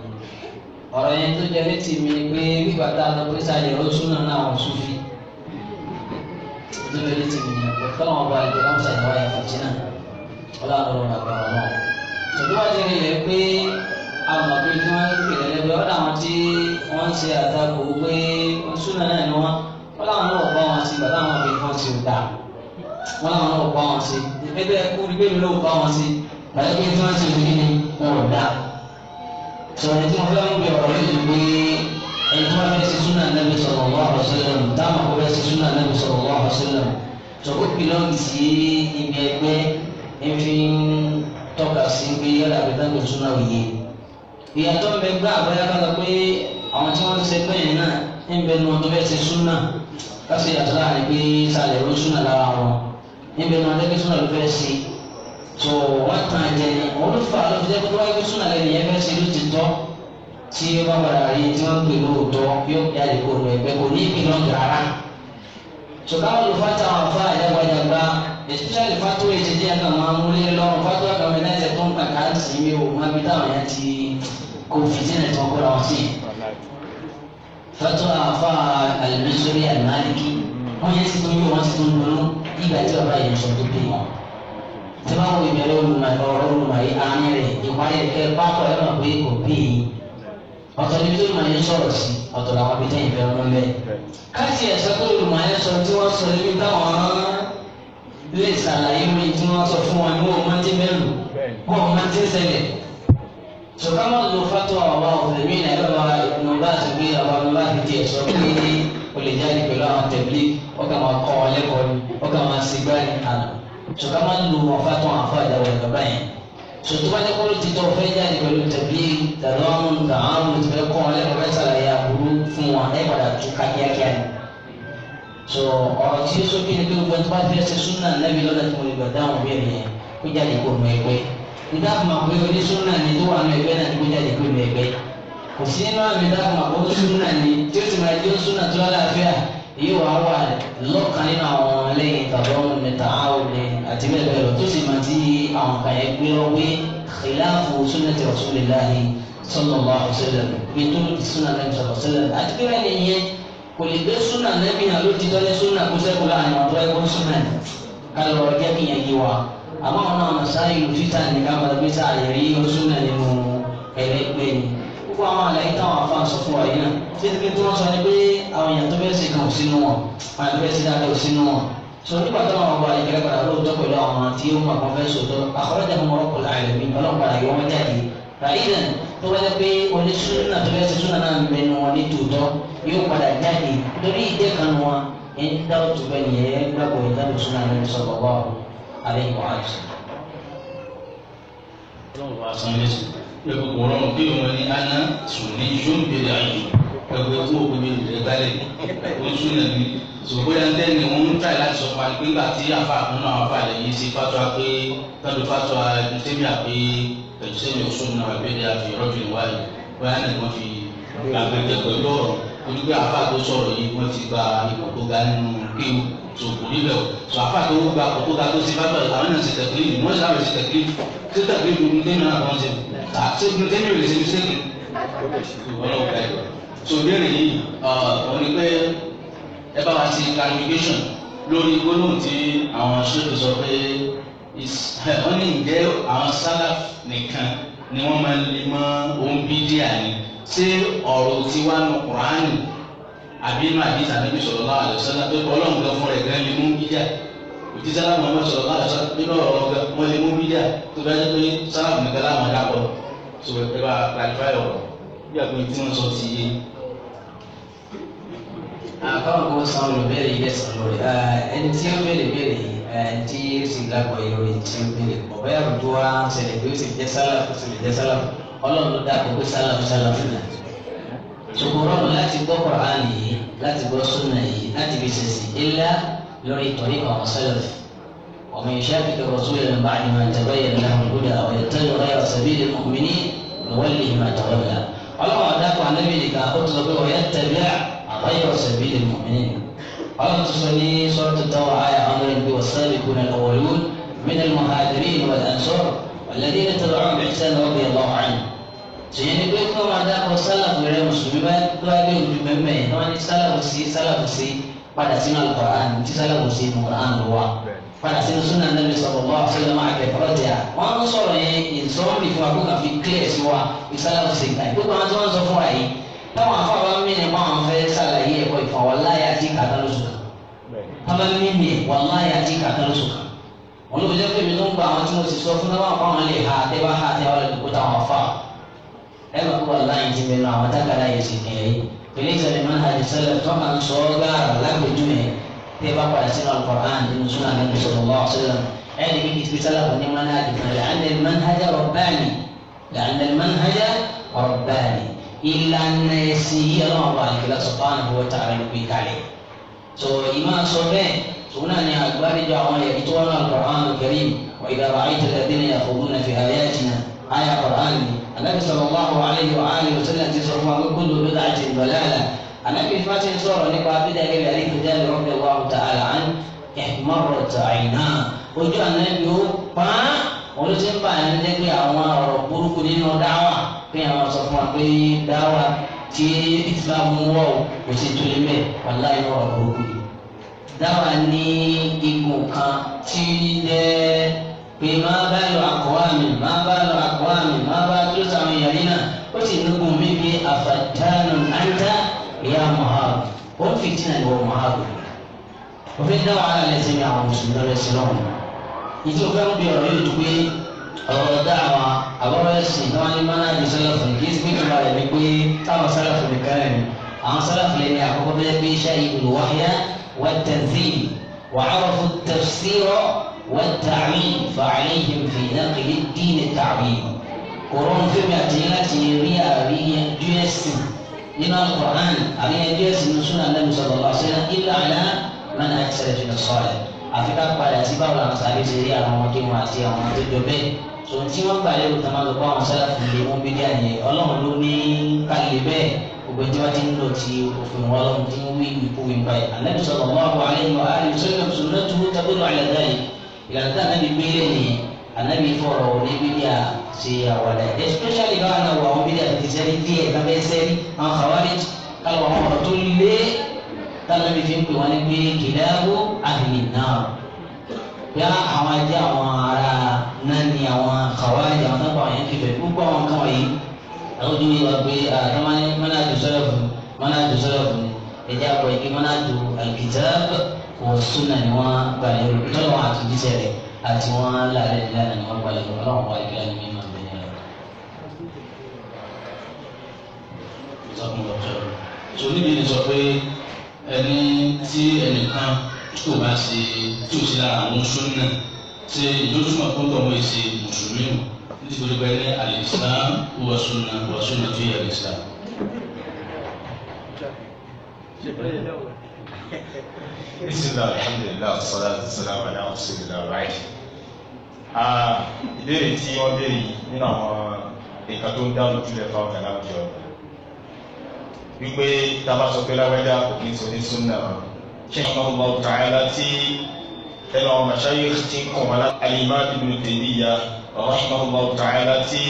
ọ̀rọ̀ yẹn tó jẹ létí mi ni pé bíbá tá a lọ pé sáyẹn ó súnà náà wọ́n sún fi tó jẹ létí mi ni pé fọlọ́n ọba ìjọ náà sàyẹn wáyà fàtínà ọlọ́run àgbà ọ̀nà ìdúwájú rẹ̀ yẹ pé àmọ̀ pé kí wọ́n pè lẹ́lẹ́gbẹ́ ọ̀dà àwọn tí wọ́n ń ṣe àtakò pé súnà náà ni wọ́n wọ́n láwọn náà bá wọn sí bàbá àwọn ọ̀gbìn kan ti dà wọ́n láwọn náà bá wọn sí ẹgbẹ́ kúrú sọ̀rọ̀ tí wọ́n fẹ́ mú bí ọ̀rọ̀ yìí pé ẹni tí wọ́n fẹ́ ṣe súnà nàbì sallallahu alaihi wasallam táwọn akọ̀ fẹ́ ṣe súnà nàbì sallallahu alaihi wasallam sọ̀kó pìlọ́ọ̀gì sí ibi ẹgbẹ́ ń fi tọ́ka sí pé yàrá rẹ̀ dágbé súnà òye ìyàtọ̀ ń bẹ gbá àbáyá kálọ̀ pé àwọn tí wọ́n ń ṣe pẹ́yìn náà ń bẹ nu ọdún fẹ́ ṣe súnà láti láàrin pé sàlẹ̀ ló súnà lára wọn ń bẹ nu ọdún fẹ́ súnà ló fẹ́ ṣe so wọn tàn jẹ ní wọn ló fà á lọ fi jẹ kó wáyé sún àlẹ nìyẹn fẹẹ ṣe ló ti tọ tí wọn padà rí tí wọn gbé lóòótọ́ yóò kí àlè kó lọ ẹgbẹ́ kò ní ìpinnu gàrà tó káwọn lò fata wọn fà àjàgbàjàgbà especially fatu ètò díẹ̀ kan máa ń múlẹ̀ lọ́rùn fatu àkàwé náà ṣe tó ń kàkà sí mi ò máa bí táwọn yẹn ti kó fìtínà tó ń kó lọ sí fatu àfa àlùmísórí àlùmáàlìkì wọn yẹn ti tó yóò wọn ti tó ń lọ nígbà tí ọba yẹn sọ tó pé wọn tí wọ́n wọ ìbẹ̀rẹ̀ olùmọ̀ ọ̀rọ̀ olùmọ̀ yìí àmì rẹ̀ ìparí ẹ̀kẹ́ pápọ̀ ẹ̀ mọ̀ pé kò pé yìí ọ̀tọ̀ ní tó ìmọ̀ yẹn sọ̀rọ̀ sí ọ̀tọ̀ làwọn fi tẹ́ ìfẹ́ ọ̀rọ̀ lẹ̀. káàsì ẹ̀sọ́ pé olùmọ̀ yẹn sọ tí wọ́n sọ níbi táwọn lè ṣàlàyé mi tí wọ́n sọ fún wọn ní wọn máa ti bẹ́ẹ̀ lò wọn máa ti ṣẹlẹ̀. ṣùgbọ́n wọn lo fatwa àwọn òfìmí nàìjíríà ìbùnú bá ti gbé àwọn ọmọ bá fi di ẹ̀sọ́ pé olè jáde pẹ̀lú àwọn tẹ̀blé ọkà máa kọ́ sọ̀tà máa ń lo àfa tó àfa àdàwọ̀ ẹ̀rọ báyìí sọ̀tò bá ní kọ́ ló ti tọ́ fẹ́ jáde pẹ̀lú tẹ̀bí tàbí àwọn àwọn ti fẹ́ kọ́ ọ̀lẹ́ ọ̀fẹ́ sàlàyé àbúrú fún wa ẹ̀ padà tún ká kíákíá ni. sọ ọ̀rọ̀ tí yóò sókè ni pé gbogbo ẹni bá fẹ́ ṣe súnà lẹ́bi lọ́dọ̀ tí mo lè gbà dáhùn bí ẹ̀mí yẹn kó jáde kó nu ẹgbẹ́. nígbà tó máa pé orí súnà ni tó wà nù ẹgbẹ́ náà ni kó jáde kó nu ẹgbẹ́. kò sí nínú àmì èyí wàá wà lọ́kàn nínú àwọn lẹ́yìn tàbí ọmọ mẹ́ta àwọn ọmọ àti bẹ́ẹ̀ bẹ́ẹ̀ lọ tó sì máa ti àwọn kan yẹn gbé ọ wé khilafu sunnati rasulillahi sallallahu alaihi wasallam bí tó ló ti sunna nabi sallallahu alaihi wasallam àti bí wọ́n lè yẹ kò lè gbé sunna nabi hàn ló ti tọ́lé sunna kó sẹ́kù láàrin àwọn tó kálọ̀ ọ̀rọ̀ jẹ́ gbogbo àwọn àlàyé táwọn afa sọ fún wa yìí náà ṣé ti pé tí wọ́n sọ ni pé àwọn èèyàn tó fẹ́ ṣe kàn sínú wọn àwọn tó fẹ́ ṣe dáadáa sínú wọn sọ nígbà tó àwọn ọba ìkẹlẹ padà lóòótọ́ pẹ̀lú àwọn tí ó mú àwọn fẹ́ sòótọ́ àkọ́rọ́jà mú ọkọ̀ láàrin mi ọlọ́pàá yìí wọ́n jáde ràìdàn tó bá jẹ́ pé onísúnà tó fẹ́ ṣe súnà náà mẹnu wọn ní tòótọ́ yóò padà jáde torí ìdẹ́ kan wọn ń dá òtún bẹ́ẹ̀ nìyẹn gbàgbọ́ ìdájọ́ súnà ní sọ̀rọ̀ bọ́ọ̀ àlẹ́ ìwà àìsàn ẹ̀kọ́ kò rọrùn pé wọ́n ní aná sùnì yóòbẹ̀rẹ̀ àjò ẹ̀kọ́ tó o gbé ìrẹ̀ balẹ̀ o sún náà ní sọ̀bọ́yà ń tẹ́lẹ̀ wọ́n ń tà láti sọ̀pọ̀ àti pé ńgbà tí àfa àkúnú àwọn afa rẹ̀ yìí ṣe fatuwa pé tọ́jú fatuwa ẹ̀dùnsẹ́mi àpé ẹ̀dùnsẹ́mi ọ̀ṣun náà àbẹ̀rẹ̀ àfi rọ́bìn wáyé wáyà náà wọ́n fi àgbẹ̀jẹ̀ pẹ̀lú ọ̀rọ̀ ojú pé àfa tó sọ̀rọ̀ yìí wọ́n ti gba ipò tó ga nínú kéwù sòkòrí bẹ̀ sọ afa tó gba ipò tó ga tó ṣe fatuwa àwọn náà ṣe tẹ̀kílì wọ́n ṣe àti ìgbìntẹ́nì rẹ̀ ṣe ṣe ìwọ́nà ọ̀gá ẹ̀ so ìbéèrè yìí ah, òun ni pé ẹ bá wa ti clarification lórí gbólóhùn tí àwọn ṣètò sọ pé wọ́n ní ǹjẹ́ àwọn sálàf nìkan ni wọ́n máa ń lè mọ ohun bídíà ni ṣé ọ̀rọ̀ tí wàá nu kùránì àbí inú àdìsá òjíṣẹ́ láwọn ọmọ sọ̀rọ̀ bá sọ nínú ọ̀rọ̀ ọ̀gá wọn lè mú bídíà tó bá yẹ pé sáláàmù nìkan láwọn ọ̀dà pọ̀ so ẹ bá clarify ọ̀rọ̀ bí àgbẹ̀ tí wọ́n sọ ti yé. àbáwọn ah, kan sọ àwọn olùbẹ̀rẹ̀ yìí lẹ́sàn ah, ah, lórí ẹni tí ó bẹ̀rẹ̀ bẹ̀rẹ̀ ẹni tí ó sì lágbọ̀ yìí lórí tí ó bẹ̀rẹ̀ ọ̀bẹ àrùtó wa ṣẹlẹ̀ bí ó sì jẹ́ sálàfù sì jẹ́ sálàfù ọlọ́run ló dáa kó pé sálàfù sálàfù náà ṣùgbọ́n láti gbọ́ Kùránì yìí láti gbọ́ Sunnah yìí láti fi ṣèṣì ilá يري طريق وسلف ومن يشاكك الرسول من بعد ما تبين له الهدى ويتبع غير سبيل المؤمنين نوليه ما تولى الله اتاك عن نبي لك اطلب ويتبع غير سبيل المؤمنين قال تصلي سورة التوبة آية عمر والسابقون الأولون من المهاجرين والأنصار والذين تبعهم بإحسان رضي الله عنه سيدي يقول لكم عن وسلف غير المسلمين قال لهم بمن مين طبعا سلف السي سلف السي padà sínú alukoran tí sálẹ̀ kò sí inú koran ló wà padà sínú súnà nàbì sọ̀rọ̀ bá sọ̀rọ̀ máa kẹ́ fọlọ́ tẹ̀ à wọ́n ń sọ̀rọ̀ yẹn ìsọ̀rọ̀ mi fún wa kó kàn fi clear sí wa ìsálẹ̀ kò sí ìgbà yìí gbogbo àwọn tí wọ́n sọ fún wa yìí táwọn afáwọn mi ni wọ́n àwọn fẹ́ sàlàyé ẹ̀kọ́ ìfọ̀ wọn láyé àti kàtà lóṣù kan táwọn mi ni wọ́n láyé àti kàtà lóṣù kan wọn ló fi jẹ́ pé mi ló ń gba àwọn tí mo ti sọ fún náà wọn lè ha tẹ́ bá ha tẹ́ wọn lè dùkú táwọn afá ẹ̀ eléyìí sọ ni mọ́nà àdìsẹ́lẹ̀ tọ́ka ń sọ gàrà lágbèjúwe tẹ́ bá padà sínú alukọ̀án nínú súnà nínú sọ̀rọ̀ wá ọ̀sẹ̀lẹ̀ ẹni bí kìí sálà kò ní mọ́nà àdìsẹ́lẹ̀ làánà manhaja rabbani làánà manhaja rabbani ìlànà ẹ̀sìn yìí ọlọ́run bá àlùkìlá sọ̀tàn àwọn tààrà ló gbé kalẹ̀ so ìmọ̀ sọ bẹ́ẹ̀ sọ̀rọ̀ ni àgbáríjọ àwọn ẹ̀rí tó wà ní alukọ̀án kẹrin wà ìdàrọ̀ àyè àyà Kùránì Ànábì sallallahu alayhi wa alihi wa sallam ti sọ fún wa pé kullu bid'atin dalalah Ànábì fún wa ti ń sọ̀rọ̀ nípa bídà gẹ́gẹ́ àti ìfúdà lọ́dọ̀ wa ta'ala an ẹ̀mọ́rọ̀ tàìnà ojú Ànábì ó pa wọn ló ti ń bá ẹni dẹ́gbẹ́ àwọn ọ̀rọ̀ burúkú nínú dáwà pé àwọn sọ fún wa pé dáwà tí Islam wọ̀ kò sì tún lé mẹ́ wàláyé ọ̀rọ̀ burúkú dáwà ní igun kan tí ń jẹ́ pé má bá lọ Madina ó sì nugun mi pé afatanu anta ya Muhammad ó ń fi tínà ìwọ Muhammad ó fi dá wàhálà lẹ́sẹ̀ ní àwọn mùsùlùmí lọ́rẹ́ sí lọ́wọ́ ìtí o fẹ́ ń yóò tó pé ọ̀rọ̀ àwọn àbọ̀rọ̀ ẹ̀sìn náà ní mọ́nàjì sálàfù kì í sì gbégbá rẹ̀ ni pé táwọn sálàfù nìkan rẹ̀ ni àwọn sálàfù lè ní àkọ́kọ́ bẹ́ẹ̀ pé iṣẹ́ ìlú wáyà wà tẹ̀sí وعرفوا التفسير والتعميم فعليهم في نقل الدين التعميم kòrón fẹ́mi àti láti rí àríyànjú ẹ̀sìn nínú alukur'an àríyànjú ẹ̀sìn ní sunan nabi sallallahu alaihi wasallam ilé àná mẹ́ta ẹ̀sẹ̀ fi sọ̀rọ̀ àfi ká padà sí báwo làwọn sáré ti rí àwọn ọmọdé wọn àti àwọn tó jọ bẹ́ẹ̀ tòun tí wọ́n gbà lérò tó máa lọ bá àwọn sálàfù lé wọn bí díà yẹn ọlọ́run ló ní kálí bẹ́ẹ̀ gbogbo ẹni tí wọ́n ti ń lò ti òfin wọn ọlọ́run ti ń wí ìkú wí báyìí ànábì sallallahu alaihi wa alihi wasallam sunnatuhu tadullu ala dhalik ìlànà tá anabi fọ̀rọ̀ ní bídíà ṣe àwàdà especially náà àwọn àwọn àwọn bídíà ti sẹ́ni díẹ̀ lábẹ́ sẹ́ni àwọn kàwárí káwọn àwọn ọ̀rọ̀ tó lé táwọn ibi fi ń pè wọ́n ní pé kìláàbù àbìlì náà bí àwọn ajé àwọn ará náà ni àwọn kàwárí àwọn tó pa àwọn yẹn kẹfẹ́ gbogbo àwọn kan wọ̀nyí àwọn ojú yìí wá pé àtàwọn mọ́nàjù sọ́dọ̀ fún mọ́nàjù sọ́dọ̀ fún ẹ̀jẹ̀ àpọ̀ ẹ̀jẹ̀ mọ́nàjù àlùkìtàbù wọ̀ àti wọn lálẹ́ ìlànà ni wọ́n gba ìlú ọlọ́run wá ìgbà ní mímọ́ ìgbẹ́ni rẹ̀. sọ níbi ni sọ pé ẹni tí ẹnìkan tí kò bá ṣe tí ò sí lára àwọn sún náà ṣe ìdójúmọ̀ tó ń tọ̀ wọ́n ṣe mùsùlùmí o nítorí pé ní al-Islam wa sunna wa sunna fi al-Islam bisimilahi alhamdulilayi salatu salamu ala rasulillah right ah, ìbéèrè tí wọ́n béèrè nínú àwọn nǹkan tó ń dá lójú rẹ̀ fáwọn kan láwùjọ wípé tá a bá sọ pé láwẹ́dá kò kí n sọ ní súnà ṣé ìmọ̀ ọmọ ọ̀tá ẹ̀la tí ẹnu àwọn màṣáyé ti ń kàn wọ́n láti alimá ibn Taymiya rahimahullah ta'ala tí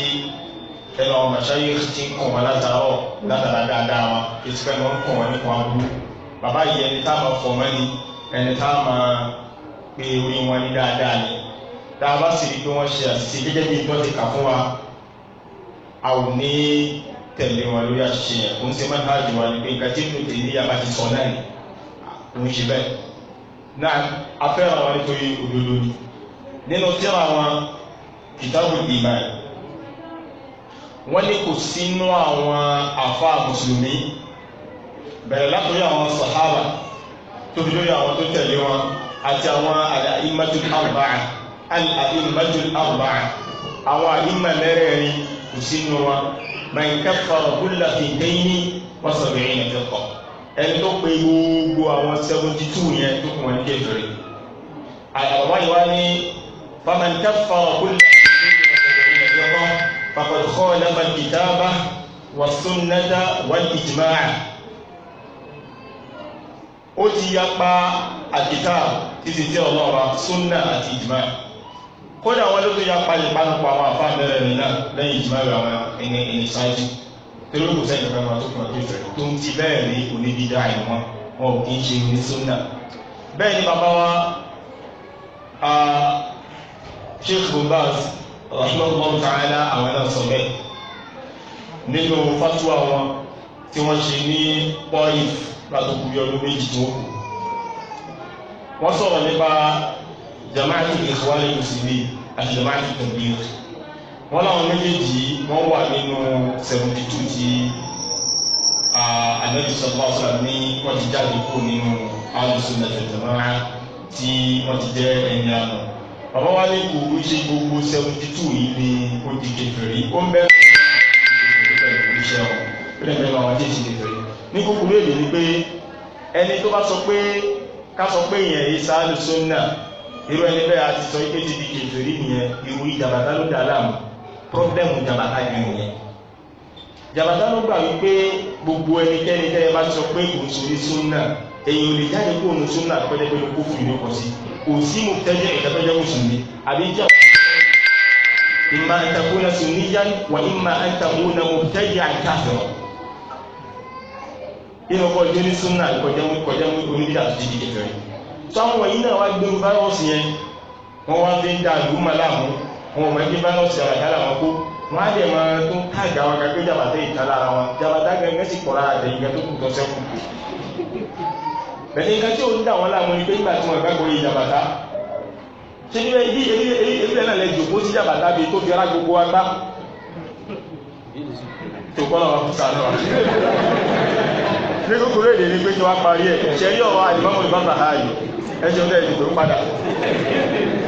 ẹnu àwọn màṣáyé ti ń kàn wọ́n látàárọ̀ látàrá dáadáa wọn kí sọ́kẹ́ ni wọ́n ń kàn nípa ọdún bàbá yìí ẹni tá a máa fọ̀ wọ́n ni ẹni tá a máa pe orí wọn ní dáadáa ni tá a bá sì rí pé wọ́n ṣe àṣìṣe gẹ́gẹ́ bí ìtọ́ ti kà fún wa a ò ní tẹ̀lé wọn lórí àṣìṣe yẹn kò ń ṣe máa ń hájú wa ni pé nǹkan tí èmi ò tèmi yàrá ti sọ náà ni kò ń ṣe bẹ́ẹ̀ náà afẹ́ràn wọn nítorí òdodo nínú tíra wọn kìtàbù ìmáà wọn ní kò sínú àwọn àfa mùsùlùmí bẹ̀rẹ̀ látọ̀rí àwọn sàhábà tó fi lórí àwọn tó tẹ̀lé wọn àti àwọn àìmájú àrùbáà àìmájú àrùbáà àwọn àìmá mẹ́rẹ̀ẹ̀rin kò sínú wọn man kaffara kulla fitayni wa sab'ina firqa ẹni tó pe gbogbo àwọn seventy two yẹn tó kún wọn ní kékeré àwọn ìwá ní faman kaffara kulla fitayni wa sab'ina firqa faqad khalafa al-kitaba ó ti yapa àkìtà títí tí ọlọ́ọ̀ra súnà àti ìjìmá kódà wọn ló tó yapa ìpanupọ̀ àwọn àfa mẹ́rẹ̀ mi náà lẹ́yìn ìjìmá rẹ̀ àwọn ẹni ẹni ṣáájú torí kò sẹ́yìn kankan máa tó kàn tó ìfẹ́ tó ń ti bẹ́ẹ̀ ní onídídá àìní wọn wọn ò kí ń ṣe ní súnà bẹ́ẹ̀ ni bàbá wa Sheikh Bombaz rahimahullah ta'ala àwọn náà sọ bẹ́ẹ̀ nínú fatuwa wọn tí wọ́n ṣe ní pọ́ìfù láti kú bí ọdún méjì tí wọ́n kù. wọ́n sọ̀rọ̀ nípa jamaati ìfowópamọ́ ìmùsùlùmí àti jamaati tẹ̀lé wọ́n láwọn méjèèjì wọ́n wà nínú seventy two ti anabi sọlá ọsàn ní wọ́n ti jáde kó nínú alùsùn nàìjíríà tí wọ́n ti jẹ́ ẹni àná bàbá wa ní kò ń ṣe gbogbo seventy two yìí ni ó di kékeré ó ń bẹ́ẹ̀ ní ìṣẹ́ wọn ó lè bẹ́ẹ̀ máa wá dé ìṣẹ́ kékeré ní kúkúrú èdè ni pé ẹni tó bá sọ pé ká sọ pé yẹn èyí sáálù sọ́nà irú ẹni bẹ́ẹ̀ a sọ ike ti di kèfèrí nìyẹn irú ìjàmbá ló dà láàmú pọ́blẹ́mù ìjàmbá yẹn nìyẹn jàbàtà ló gbà wípé gbogbo ẹnikẹ́ni tẹ́yẹ bá sọ pé kò sórí súnà èyí lè jáde kó òun súnà pẹ́lẹ́ pé kó fún ìlú kọ sí kò sí mo tẹ́jọ́ ìdájọ́ ilé ọkọ̀ jẹ́ ní súnà kọjá mú oníbídà tó dídí kẹfẹ́rí tó àwọn wọ̀nyí náà wá gbé fáyọ̀sì yẹn wọ́n wá fi ń da àlù mọ́ láàmú wọn ò mọ̀ ẹgbẹ́ fáyọ̀sì àràká làwọn kó wọn á dẹ̀ máa tó káàgà wọn kakẹ́ jàbàtà ìta lára wọn jàbàtà gẹ́gẹ́ sì pọ̀ lára àtẹ̀yìn kan tó kù tọ́ sẹ́kù bẹ̀rẹ̀ nǹkan tí ò ń dà wọn láàmú ni pé nígbà tí wọn gbàgbọ́ yìí jàbàtà ṣé ní ebi ebi ebi náà lẹ jòkó sí jàbàtà bíi tó fi ara gbogbo wa gbá tó kọ́ lọ́wọ́ fún sáà náà ní kúkúrú èdè pé kí wọ́n parí ẹ̀ ṣẹ́rí ọ̀rọ̀ àdìmọ́mọ́ ìbá bàá ààyò ẹjọ́ tẹ́ ìdìbò padà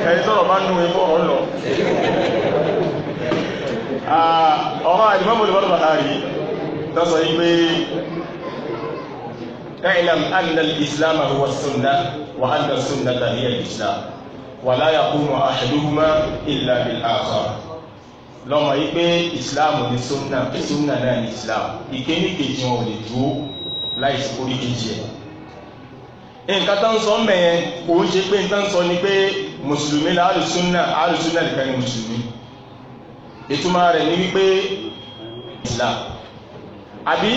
ẹni tọ́rọ̀ bá nú ipò ọ̀rọ̀ lọ. ọ̀rọ̀ àdìmọ́mọ́ ìbá ààyè tọ́sọ yí pé اعلم أن الإسلام هو السنة وأن السنة هي الإسلام ولا يكون أحدهما إلا بالآخر lọ́mọ yìí pé islam ní sunna sunna náà ní islam ìkéyìí kejì wọn ò lè dúró láìsí orí kejì ẹ̀ nǹkan tó ń sọ ń bẹ̀yẹn kò ń ṣe pé ń tó ń sọ ni pé mùsùlùmí la alùsùnà alùsùnà nìkan ni mùsùlùmí ìtumọ̀ rẹ̀ ni wípé Islam àbí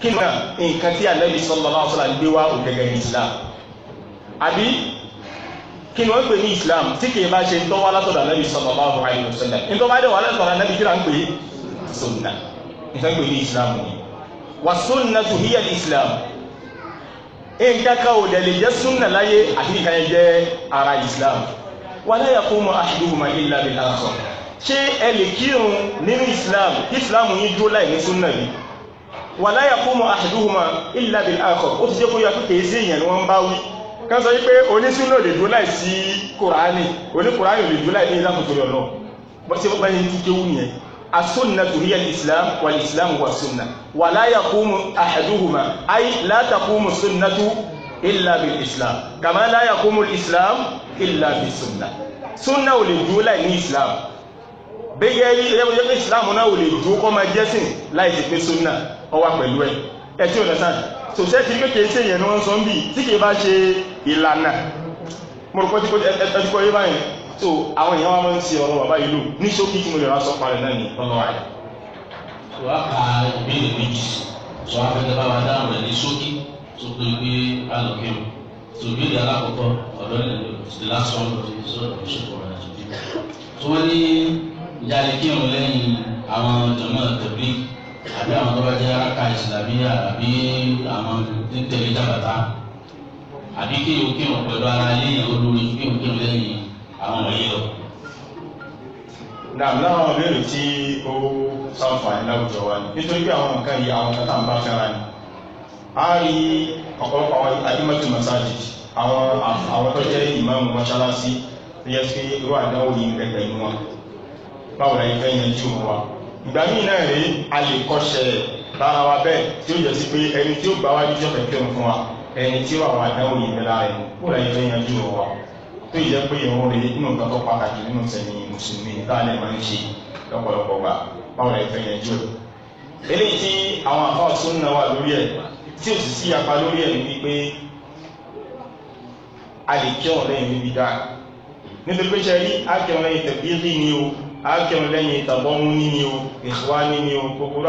kí ni nǹkan tí Ànábì sallallahu alaihi wasallam ń gbé wá ògẹ́gẹ́ Islam àbí kí ni wọ́n pè ní Islam tí kì í bá ṣe ń tọ́wọ́ alátọ̀dọ̀ Ànábì sallallahu alaihi wasallam ń tọ́wọ́ alátọ̀dọ̀ Ànábì kí ni à ń pè é sunna ìtàn pè ní Islam yìí wà súnà tó híyà islam nǹkan kan ò dẹ̀ lè jẹ́ súnà láyé àti nǹkan yẹn jẹ́ ara islam wà láyà kó mọ àṣìlúhùmá ilà bí lásọ ṣé ẹ lè kírun nínú islam islam yín dúró láì ní súnà bí wà láyà kó mọ àṣìlúhùmá ilà bí lásọ ó ti jẹ́ kó yọ pé èsì èèyàn ni wọ́n bá wí kan sọ wípé onísúnà lè dúró láì sí kùránì oníkùránì lè dúró láì ní ìlànà tó yọ lọ bọ́sẹ̀ bá yẹn ti kéwú nìyẹn السنة هي الإسلام والإسلام هو السنة ولا يقوم أحدهما أي لا تقوم السنة إلا بالإسلام كما لا يقوم الإسلام إلا بالسنة سنة ولدو لا إسلام bẹ́gẹ́rí ẹgbẹ́ ìsìláàmù náà ò lè dúó kọ́ máa jẹ́sìn láì ti pé súnà ọwà pẹ̀lú ẹ̀ ẹ̀tí ọ̀dọ̀sán tòṣẹ́ ti kéèkéé sí èyàn ní wọ́n sọ ń bí tí kìí bá ṣe ìlànà mọ̀rọ̀kọ́ tí kò ẹ̀ẹ́dẹ́gbọ́ yé báyìí so àwọn èèyàn wa máa ń ṣe ọ̀rọ̀ bàbá yìí lò ní ṣókí tí mo lè ra sọ parẹ́ náà ní ọ̀nà àyà. wà á ka ìbéèrè méjì sọ afẹ́kẹ́ bá wa dáhùn rẹ̀ ní ṣókí tó pé pé a lò kí o tó ìbéèrè alákọ̀ọ́kọ́ ọ̀dọ́ ní lásán lọ́dún ìṣòro àti tó wọ́n ní ìyáálé kí òun lẹ́yìn àwọn jọmọ́ tẹ̀lé àbí àwọn tó bá jẹ́ araka ìsìlámíyà àbí àwọn tẹ̀lé jábàtà àbí kí òun kí òun pẹ̀lú ara lẹ́yìn olórí kí òun kí òun lẹ́yìn àwọn wọ̀nyí o. Nàá láwọn ọ̀bẹ̀rẹ̀ tí ó sàǹfààní láwùjọ wa ni nítorí pé àwọn nǹkan yìí àwọn nǹkan tá à ń bá fẹ́ra ni. A rí ọ̀pọ̀lọpọ̀ àwọn adémọ́tò masáàjì àwọn àwọn tó jẹ́ ìmáàmù mọ́ṣáláṣí tó yẹ kí irú àdánwò yìí rẹ̀gbẹ̀ inú wa. Báwo la ìfẹ́ yẹn jù wọn wa? Ìgbà míì náà rèé a lè kọ́ṣẹ́ lára wa bẹ́ẹ̀ tí ó yẹ sí pé ẹni tí ó gbà wájú jọ̀fẹ̀ kírun fún wa ẹni tí ó àwọn àdánwò yìí rẹ̀ lára ẹ̀ la ìfẹ́ yẹn jù wọn wa? tó yẹ pé ìrún rèé nínú nǹkan tó pàtàkì nínú sẹ̀mí mùsùlùmí tá a lè máa ń ṣe lọ́pọ̀lọpọ̀ gbà báwo lè fẹ́ yẹn jù. eléyìí tí àwọn àfáà tó ń na wà lórí ẹ̀ tí ò sì sí apá lórí ẹ̀ ní wípé a lè kírun lẹ́yìn níbi dáa nítorí pé ṣe rí ákẹ́rùn lẹ́yìn tẹ̀bílì ni o ákẹ́rùn lẹ́yìn tàbọ́mú ní ni o ìṣúwá ní ni o gbogbo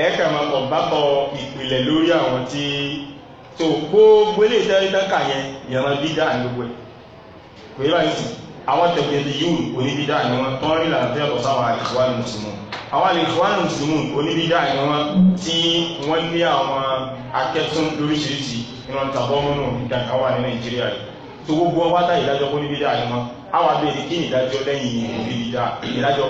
ẹ̀ẹ́kà máa kọ̀ bábọ̀ ìpìlẹ̀ lórí àwọn tí tó gbogbo ilé ìtẹ́rí dákà yẹn ìran bídá ní gbogbo ẹ̀ kò yíra ìsìn àwọn tẹ̀kẹ̀tẹ̀ yìí oníbídá ní wọn tán rí lànà tẹ́lẹ̀ sáwọn àlìkùwánì mùsùlùmù àwọn àlìkùwánì mùsùlùmù oníbídá ní wọn tí wọ́n ní àwọn akẹ́tún lóríṣiríṣi ìran tàbọ̀ mọ́nà ìdàkà wà ní nàìjíríà yìí tó gbogbo ọwọ́ tá ìdájọ́ oníbídá ní wọn àwọn abẹ́rẹ́ kí ìdájọ́ lẹ́yìn oníbídá ìdájọ́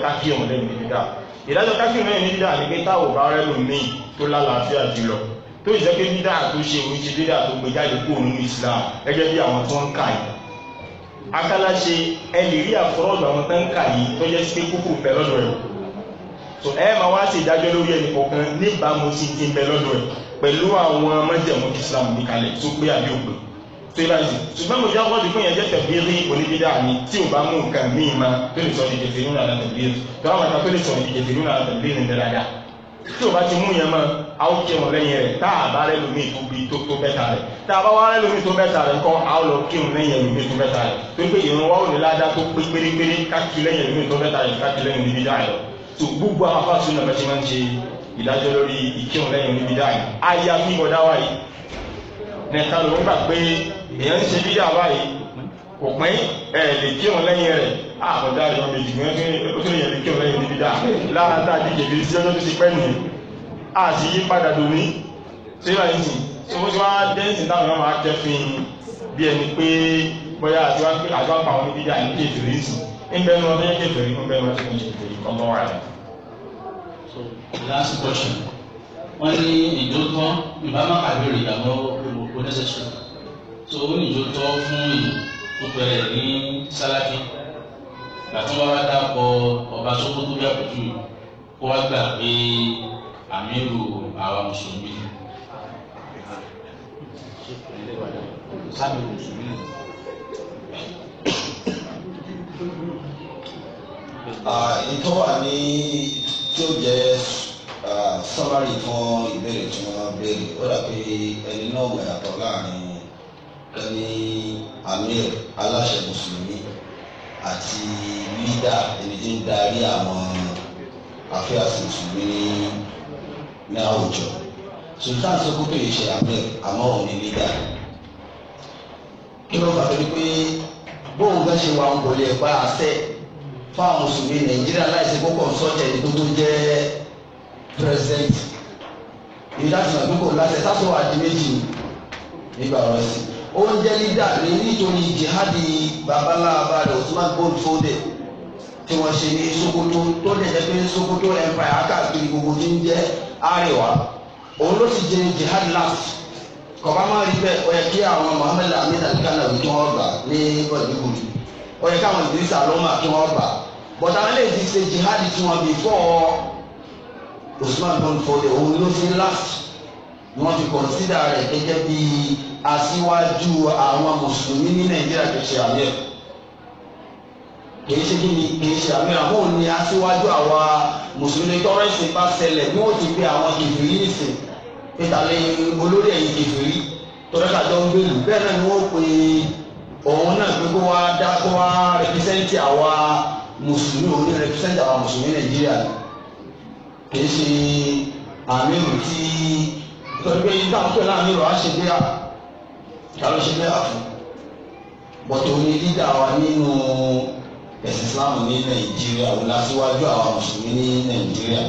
ìdájọ́ káfíìn mẹ́rin dídá ní pé táwọn bá rẹ́lò míì tó lálàáfíà jùlọ tó ìjẹ́ pé dídá tó ṣe ìwé ṣe dídá tó gbé jáde kó nínú Islam gẹ́gẹ́ bí àwọn tó ń kà yìí akálàṣe ẹ lè rí àfọlọ́dọ̀ àwọn tó ń kà yìí tó jẹ́ sí pé kókò bẹ lọ́dọ̀ ẹ̀ so ẹ máa wá sí ìdájọ́ lórí ẹnì kọ̀ọ̀kan níbàámu sí ti ń bẹ lọ́dọ̀ ẹ̀ pẹ̀lú àwọn mọ́jẹ̀mú Islam níkalẹ̀ tó gbé àbí òpin tẹ́lá yìí ṣùgbọ́n mo jáwọ́ di fún yẹn jẹ́ tẹ̀bí rí oníbídà mi tí o bá mú nǹkan míì ma tó lè sọ ìdíje fèrè náà tẹ̀bí rí tó àwọn kan tó lè sọ ìdíje fèrè náà tẹ̀bí rí nígbà dáadáa tí o bá ti mú yẹn mọ àwọn kírun lẹ́yìn rẹ̀ tá a bá rẹ lómi tó bi tó tó bẹ́ta rẹ̀ tá a bá wá rẹ lómi tó bẹ́ta rẹ̀ kọ́ àwọn lọ kírun lẹ́yìn lómi tó bẹ́ta rẹ̀ tó pé ìrún wa ò ní ládàá tó pé pérépéré káàkiri lẹ́yìn lómi tó bẹ́ta rẹ̀ káàkiri lẹ́yìn níbi dáa yọ tó gbogbo àwọn afáàsùn náà bẹ́ẹ̀ ti máa ń ṣe ìdájọ́ lórí ìkírun lẹ́yìn níbi dáa yọ àyàfi bọ̀dá wa yìí nìkan ló ń gbà pé èèyàn ń ṣe bí dàbá yìí kò pín ẹ lè kírun lẹ́yìn rẹ̀ àbọ̀dá rẹ̀ ọmọ ìdìgbò ó tún yẹ lè kírun lẹ́yìn níbi dá lára tá a ti jẹ̀bi sí ọjọ́ tó ti pẹ́ nìyẹn a sì yí padà domi síra yìí sì tí wọ́n ti wá dẹ́sìn táwọn yóò máa kẹ́fìn bí ẹni pé bóyá àti wá pé àjọ àpá àwọn onídìí àyè kéferì sí ńbẹ ní wọn fẹ́ kéferì ńbẹ ní wọn ti fi kéferì ọmọ wa rẹ. last question wọ́n ní ìdókòó ìbámu àbẹ̀rẹ̀ ìyàwó necessary so ó nìjọ tọ́ fún yìí tó bẹ̀rẹ̀ ní sáláfì gbàtún wá dàpọ̀ ọba Sókótó bí àpèjú kó wá gbà pé àmírù àwa mùsùlùmí sábẹ̀ mùsùlùmí. ìtọ́wà ní tí ó jẹ́ sọ́bárì fún ìbéèrè tí wọ́n béèrè ó dà pé ẹni náà wọ̀ yàtọ̀ láàrin ẹni amir aláṣẹ mùsùlùmí àti lídà ẹni tí ń darí àwọn afẹ́àsì mùsùlùmí ní àwùjọ sultan sọ́kú pé ìṣe amir àmọ́ òun ni lídà kí ló fà torí pé bóun fẹ́ ṣe wà ń wọlé ẹ̀pá àṣẹ fáwọn mùsùlùmí nàìjíríà láìsí kókò sọ́jà ẹni tó tó jẹ́ president ìdásùn àdúgbò láti sásọ àdìmẹ́jì nígbà ọ̀rọ̀ sí ó ń jẹ́ lídà ní nítorí jihadi babaláwa rẹ̀ Usman Gold Foden tí wọ́n ṣe ní Sokoto tó lè jẹ́ pé Sokoto empire káàkiri gbogbo tí ń jẹ́ àríwá òun ló sì jẹ́ jihad last kọ̀ọ̀bá máa rí bẹ́ẹ̀ ó yẹ kí àwọn Muhammed Amin alikana wí kí wọ́n gbà ní gbọ̀dúgbòdì ó yẹ káwọn ìdírísà lọ́mà kí wọ́n gbà bọ̀dá lè ti ṣe jihad tiwọn bí fọ́ọ̀ Usman bin Fode òun ló fi last ni wọ́n fi kọ̀nsídà rẹ̀ gẹ́gẹ́ bí aṣíwájú àwọn mùsùlùmí ní Nàìjíríà kì í ṣe àmì ẹ̀ kì í ṣe kí ni kì í ṣe àmì ẹ̀ àwọn ni aṣíwájú àwa mùsùlùmí tọ́rọ̀ ìsìn bá ṣẹlẹ̀ bí wọ́n ti pe àwọn kìfìrí nìsín ìtàlẹ̀ olórí ẹ̀yìn kìfìrí tọ́lẹ́kà jọ ń gbèlú bẹ́ẹ̀ náà ni wọ́n pe òun náà pé kó wá dá kó wá rẹpísẹ́ǹtì àwa mùsùlùmí òun ní rẹpísẹ́ǹtì àwa mùsùlùmí Nàìjíríà ni kì í ṣe àmírù tí nítorí pé yíká pẹ̀lú àmírù á ṣe bíyà ká ló ṣe bíyà fún bọ́tò ní lídà wa nínú ẹ̀sìn Islam ní Nàìjíríà wò lásìwájú àwọn mùsùlùmí ní Nàìjíríà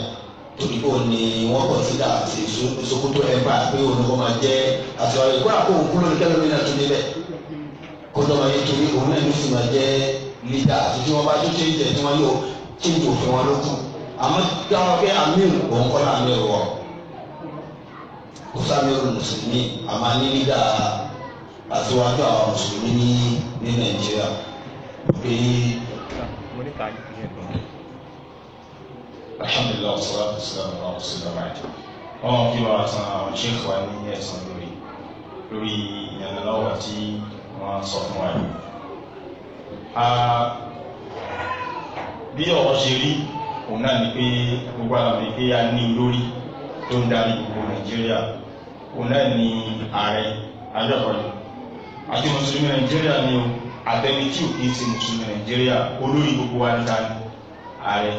torí kò ní wọ́n kọ̀nsídà àti Sokoto ẹgbà pé òun kò máa jẹ́ àtiwájú ìkórà kó òun kúrò ní kẹ́lẹ́mì náà tún débẹ̀ kó dọ́gba yẹn torí òun náà ló sì máa jẹ́ lídà àti tí wọ́n bá tó ṣe ń jẹ́ tí wọ́n yóò ṣe ìjòfin wọn lókun àmọ́ dáwọ́ pé amíru òun kọ́ náà amíru wọ̀ kó sàmíru mùsùlùmí àmọ́ anílídà àtiwájú àwọn mùsùlùmí ní ní nàìjíríà pé. alhamdulilayi wa salatu wa salamu ala rasulillah wa rahmatulahi ọmọ kí wàá san àwọn sheikh wa ní ẹ̀sán lórí lórí ìyànlọ́wọ́ tí wọ́n sọ fún wa yìí. bí ọ̀rọ̀ ṣe rí òun náà ni pé gbogbo àwọn ọmọ ìgbé ní lórí tó ń darí gbogbo nàìjíríà òun náà ni ààrẹ adébọyọ àti mùsùlùmí nàìjíríà ni o àtẹni tí ò kí ń ti mùsùlùmí nàìjíríà olórí gbogbo wa níta ni ààrẹ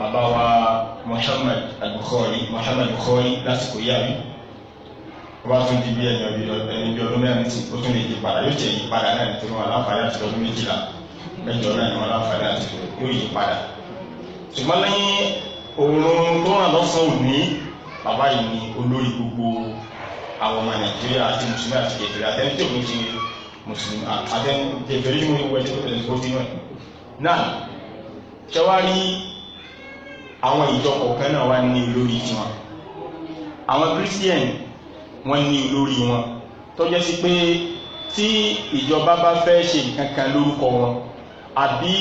bàbá wa muhammad al-bukhari muhammad al-bukhari lásìkò yíyá mi wọ́n bá tún di bí ẹni ọdún mẹ́rin tí ó tún lè yí padà yóò tẹ̀ yí padà náà nítorí wọn aláǹfààní àti ọdún méjìlá mẹ́jọ náà ni wọ́n láǹfààní àti yóò yí padà ṣùgbọ́n lẹ́yìn òòrùn tó ràn lọ́sàn òní bàbá yìí ni olórí gbogbo àwọn ọmọ nàìjíríà àti mùsùlùmí àti kẹfìrí àtẹnudẹ òní ti mùsùlùmí àtẹnudẹ kẹfìrí ni mo wọ ẹjọ́ tẹ́lẹ̀ tó ti náà náà ṣẹwárí àwọn ìjọ kọ̀ọ̀kan náà wá ní olórí tiwọn àwọn christian wọ́n ní olórí wọn tó sí pé tí ìjọba bá fẹ́ ṣe nǹkan kan lórúkọ wọn àbí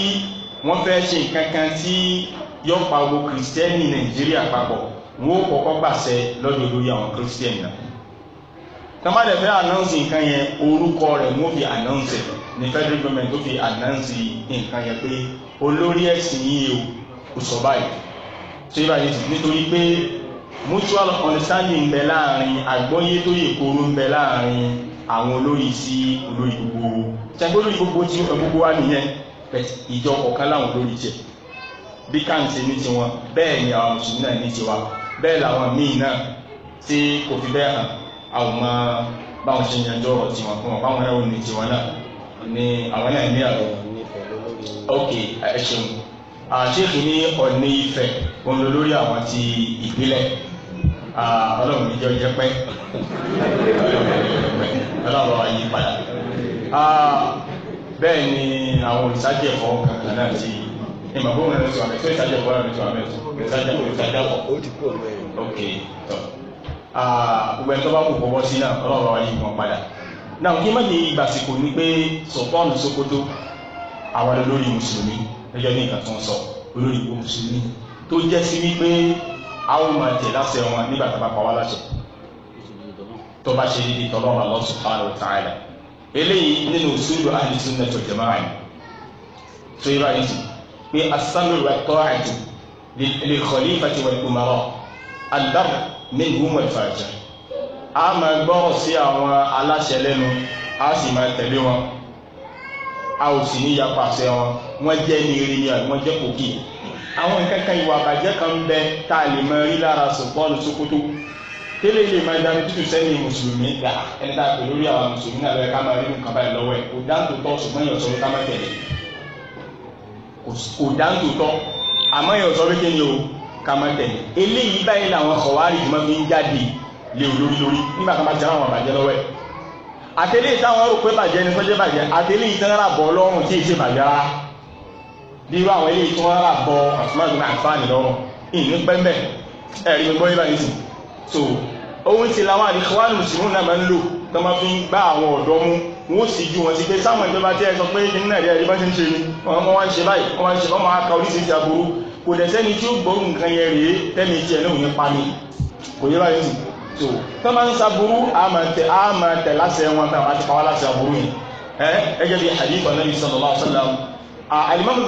wọ́n fẹ́ ṣe nǹkan kan tí yọ pa owó kìrìsìtẹ́nì nàìjíríà papọ̀ wọn ó kọ́kọ́ pàṣẹ lọ́dọ̀ lórí àwọn kìrìsìtẹ́nì náà tọ́mọ́dé fẹ́ anọ́ǹsì nǹkan yẹn orúkọ rẹ̀ wọ́n fi anọ́ǹsì ní federal government tó fi anọ́ǹsì nǹkan yẹn pé olórí ẹ̀sìn yìí o kò sọ báyìí tó báyìí nítorí pé mutual understanding ń bẹ láàrin àgbọ́yé tó yẹ kóró ń bẹ láàrin àwọn olórí sí olórí gbogbo ṣàgbọ́n olórí gbogbo tí gbogbo wa nìyẹn ìjọ kọ̀ọ̀kan láwọn lórí jẹ bí káǹtì ní tiwọn bẹ́ẹ̀ ni àwọn mùsùlùmí náà ní tiwa bẹ́ẹ̀ làwọn míì náà tí kò fi bẹ́ẹ̀ hàn àwọn ọmọ báwọn ṣe yanjú ọ̀rọ̀ tiwọn fún wọn báwọn náà ní tiwọn náà ní àwọn náà ní àrò ok ẹ ṣeun àṣeyìí ní ọ̀ní ìfẹ́ òun ló lórí àwọn ti ìbílẹ̀ ọlọ́run níjọ́ jẹ́ pẹ́ ọlọ́run ayé padà bẹ́ẹ̀ ni àwọn olùsájẹ fọwọ́ kankan náà ti ìmọ̀ bó wọn lọ sí ọ̀rẹ́ tó ìsájẹ fọwọ́ lọ sí ọ̀rẹ́ tó ìsájẹ fọwọ́ ìsájẹ fọ. ó ti kú ọ̀rẹ́ ok tọ gbogbo ẹni tó bá kù fọwọ́ sí náà ọlọ́run wa yìí wọn padà náà kí n má ní ìgbàsíkò ni pé sọ̀tọ́ọ̀nù Sókótó àwọn olórí mùsùlùmí lọ́jọ́ ní ìgbà tó ń sọ olórí ìgbò mùsùlùmí tó jẹ́ sí wípé àwọn máa tẹ̀ láṣẹ wọn nígbà tó bá pa wá láṣẹ tó bá ṣe ìtọ́lọ́run Allah subhanahu wa ta'ala eléyìí nínú usulu ahli sunnah wal jamaa'ah yìí tó yẹ báyìí sí pé as-sam'u wat-ta'atu lil khalifati wal umara al-barr minhum wal-fajir a máa gbọ́rọ̀ sí àwọn aláṣẹ lẹ́nu a sì máa tẹ̀lé wọn a ò sì ní yapa àṣẹ wọn wọ́n jẹ́ ní ni wọ́n jẹ́ kòkì àwọn nǹkan ìwà àbàjẹ́ kan bẹ tá a lè máa rí lára Sultan Sokoto kéle ilé máa dáa tútù sẹ́yìn mùsùlùmí gbà ẹni tá a pè lórí àwọn mùsùlùmí náà lọ́yẹ ká máa rí nǹkan báyìí lọ́wọ́ ẹ̀ kò dáńtò tọ́ ṣùgbọ́n yóò sọ pé ká má tẹ̀lé kò dáńtò tọ́ àmọ́ yóò sọ pé kí ni o ká má tẹ̀lé eléyìí báyìí làwọn kọ̀wárì jùmọ̀ fi ń jáde lé olórí lórí nígbà tó bá jẹ́ àwọn àbàjẹ́ pé bàjẹ́ ni sọ́jẹ́ bàjẹ́ àtẹlé ìtànrà bọ̀ lọ́rùn tí èsè bàjẹ́ rárá bí irú àwọn ilé ìtànrà bọ̀ àtúmọ̀ àgbà àǹfààní lọ́rùn ìní pẹ́ńbẹ́ ẹ̀rí gbọ́ yíba yìí sùn so ohun ti làwọn àdìsíwájú mùsùlùmí náà máa ń lò tó máa fi ń gbá àwọn ọ̀dọ́ mú wọ́n sì ju wọn sí pé sáwọn ìjọba tí ẹ sọ pé kí náà rí ẹ̀rí bá ti ń ṣe ni wọ́n wá ń ṣe báyìí wọ́n wá ń ṣe wọ́n máa ka oríṣiríṣi àbúrú kò dẹ̀ sẹ́ni tí ó gbọ́ nǹkan yẹn rèé tẹ́ni tiẹ̀ náà ní pa ni kò yẹ báyìí tó tó máa ń saburú a máa tẹ̀ lásẹ̀ wọn tá a máa ti pa wá lásẹ̀ àbúrú yìí ẹ ẹ jẹ́ bí hadith anabi sallallahu alaihi wasallam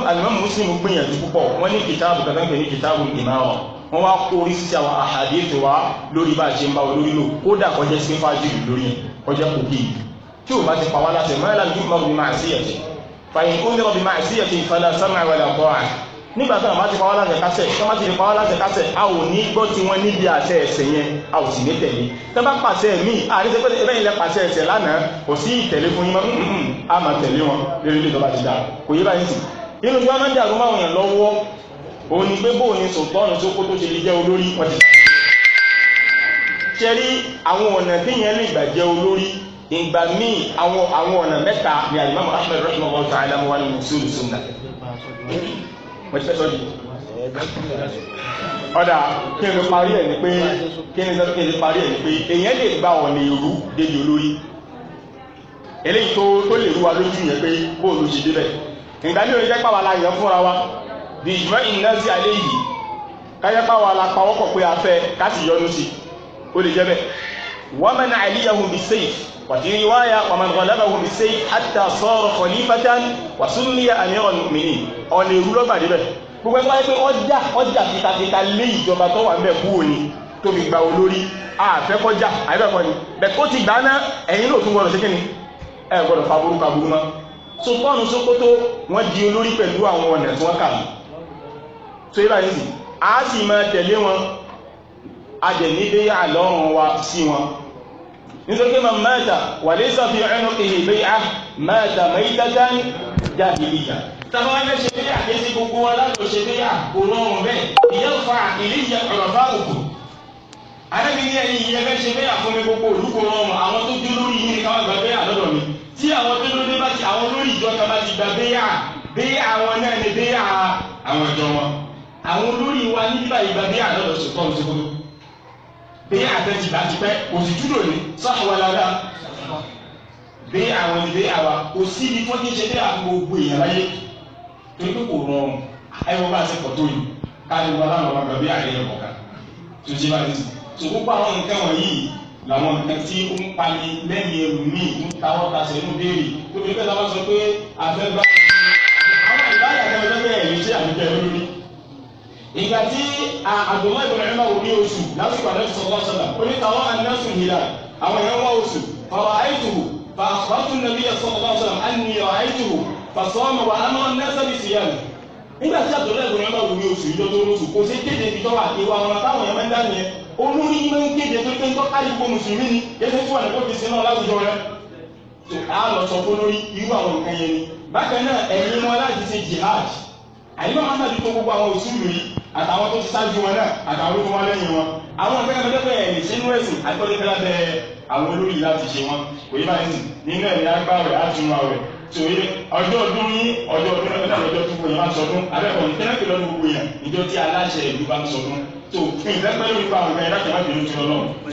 alimami muslim gbìyànjú púpọ̀ wọ́n ní kìtàbù kankan pè ní wọ́n wá kó oríṣiríṣi àwọn àhàdíìsì wá lórí bá a ṣe ń bá olórí lò kódà kọjá sí fájìlì lórí kọjá kòkè tí o bá ti pa wá láti mọ́lá ní mọ́bí máa sí ẹ̀tì fàyín ó lérò bí máa sí ẹ̀tì ìfẹ́lẹ̀ sọ́nà ìwẹ̀lẹ̀ kọ́ à nígbà tí wọ́n bá ti pa wá láti kásẹ̀ tí wọ́n bá ti pa wá láti kásẹ̀ a ò ní gbọ́ tí wọ́n níbi àṣẹ ẹ̀sẹ̀ yẹn a ò sì ní tẹ̀lé tí wọ́n bá pàṣẹ mí àríṣẹ́ pé ẹbẹ́ ilẹ̀ pàṣẹ ẹ̀sẹ̀ lánàá kò sí ìtẹ̀lé fún yín a máa tẹ̀lé wọn lórí ilé ìjọba ti dà kò yé báyìí sí inú tí wọ́n máa ń dàrú máa wọ̀nyàn lọ́wọ́ òun ni pé bóò ni sòtọ́ọ̀nù tó kó tó ṣe lè jẹ́ olórí wọn ti ṣe rí àwọn ọ̀nà téèyàn lè gbà jẹ́ olórí ìgbà míì àwọn àwọn ọ̀nà mẹ́ta ni alimami ahmed rahman wa ta'ala wa ni musulu sunna mo ti fẹ́ sọ́ọ́ di ọ̀dà kí n parí ẹ̀ ni pé kí n sọ́ọ́ kí n parí ẹ̀ ni pé èèyàn lè gba ọ̀nà èrú débi olórí eléyìí tó tó lè rú wa lójú yẹn pé bóòlù ṣe débẹ̀ ìgbà míì ò ní jẹ́ pàwọn aláyàn fúnra wa bí ìjùmọ̀ ìnáṣí alẹ́ yìí káyẹ́ pàwọ́ alápawọ́pọ̀ pé a fẹ́ káti yọnu sí ó lè jẹ́ bẹ́ẹ̀ wọ́n mẹ́nà àlíyàhùn bí sèyí wàtí riwaya wàmàn rọ̀lábàhùn bí sèyí hàtà sọ̀rọ̀ kọ̀lífàtàn wàsúnlíyà àmíràn mìíní ọ̀nà èrú lọ́gbà débẹ̀ gbogbo ẹgbẹ́ pé ọjà ọjà fitafita lé ìjọba tó wà ń bẹ̀ kú òní tó fi gba olórí àfẹ́kọ́jà àìbẹ̀kọ́ ni bẹ̀tó ti gbà náà ẹ̀yìn ló tún gbọ́dọ̀ sí kíni ẹ̀ gbọ́dọ̀ faburú tó yíba yìí a sì máa tẹ̀lé wọn a jẹ̀ ní bí àlọ́run wa sí wọn nítorí ma mẹ́ta wà lè sọ fi ẹnu ìhè bí a mẹ́ta mẹ́tẹ́tẹ́ jahiliya tàbí wọn fẹ́ ṣe bí a kéṣe gbogbo wọn láti ṣe bí a kò rọrùn bẹ́ẹ̀ ìyá fa ìlíyà ọ̀rọ̀ bá òkú àrẹ́bí ní ẹ̀yìn ẹgbẹ́ ṣe bí àfúnni gbogbo mi tí àwọn àwọn olórí wa ní bíbá ìgbà bí àlọ́lọ́ ṣe tọ́ ìṣòro bí àtẹ̀jìbá ti pẹ́ òsìtú lòní sọ́ọ̀wọ́lára bí àwọn ìdè àwa kò sí ní wọ́n ti ṣe bí àwọn gbogbo èèyàn láyé torí pé kò rọrùn ẹ̀wọ̀n bá ṣe pọ̀ tó yìí káàdì wọn láwọn ọmọ gbàgbé àárín ẹ̀kọ́ kan tó ṣe bá ti sùn tó gbogbo àwọn nǹkan wọ̀nyí làwọn nǹkan tí ó ń pani lẹ́yìn ẹrù míì ń tawọ́ ta sẹ́nu béèrè tó fi pẹ́ ta sọ pé àfẹ́ bá àwọn ìbáyà kẹ́mi lọ́gbẹ̀ẹ́ ẹ̀mí ṣé àbíkẹ́ lórí ìgbà tí àdùnmọ́ ìbẹ̀rẹ̀ náà wò ní oṣù lásìkò àdàbí sọ̀rọ̀ sọ̀rọ̀ onítàwọn anásùn ìlà àwọn èèyàn wá oṣù fọwọ́ àìtùwò fàkọ́tún nàbí sọ̀rọ̀ sọ̀rọ̀ àníyàn àìtùwò fàṣọ́mọ wà á máa nẹ́sẹ̀ bí sí yẹn. nígbà tí àdùnmọ́ ìbẹ̀rẹ̀ náà wò ní oṣù ìjọ tó lóṣù kò sí kéde ibi tọ́wà ìwà ọ̀nà táwọn èèyàn máa ń dá olórí máa ń kéde tó ni yẹtí fún àdàbò fi sí náà láwùjọ rẹ. a lọ sọ fún lórí irú àwọn nǹkan yẹn ni bákan náà ẹ̀yin wọn láti ṣe jihad àyìnbá Muhammad tó gbogbo àwọn òṣùlù yìí àtàwọn tó ti ṣáájú wọn náà àtàwọn tó wá lẹ́yìn wọn àwọn ọ̀gá ẹgbẹ́ pẹ́ ẹ̀yìn sínú ẹ̀sìn àgbọ̀dẹ́gbẹ́ lábẹ́ àwọn olórí láti ṣe wọn kò yí báyìí nínú ẹ̀rí agbáwẹ̀ átúnra rẹ̀ torí ọjọ́ ọdún yín ọjọ́ ọdún náà lọ́jọ́ tó gbòyàn máa sọdún abẹ́kọ̀ọ́ ní tẹ́lẹ̀kì lọ́dún gbogbo yẹn ìjọ tí aláṣẹ ìlú bá ń sọdún tó ìfẹ́ pẹ́lú ìfọ̀ àwọn ẹ̀rọ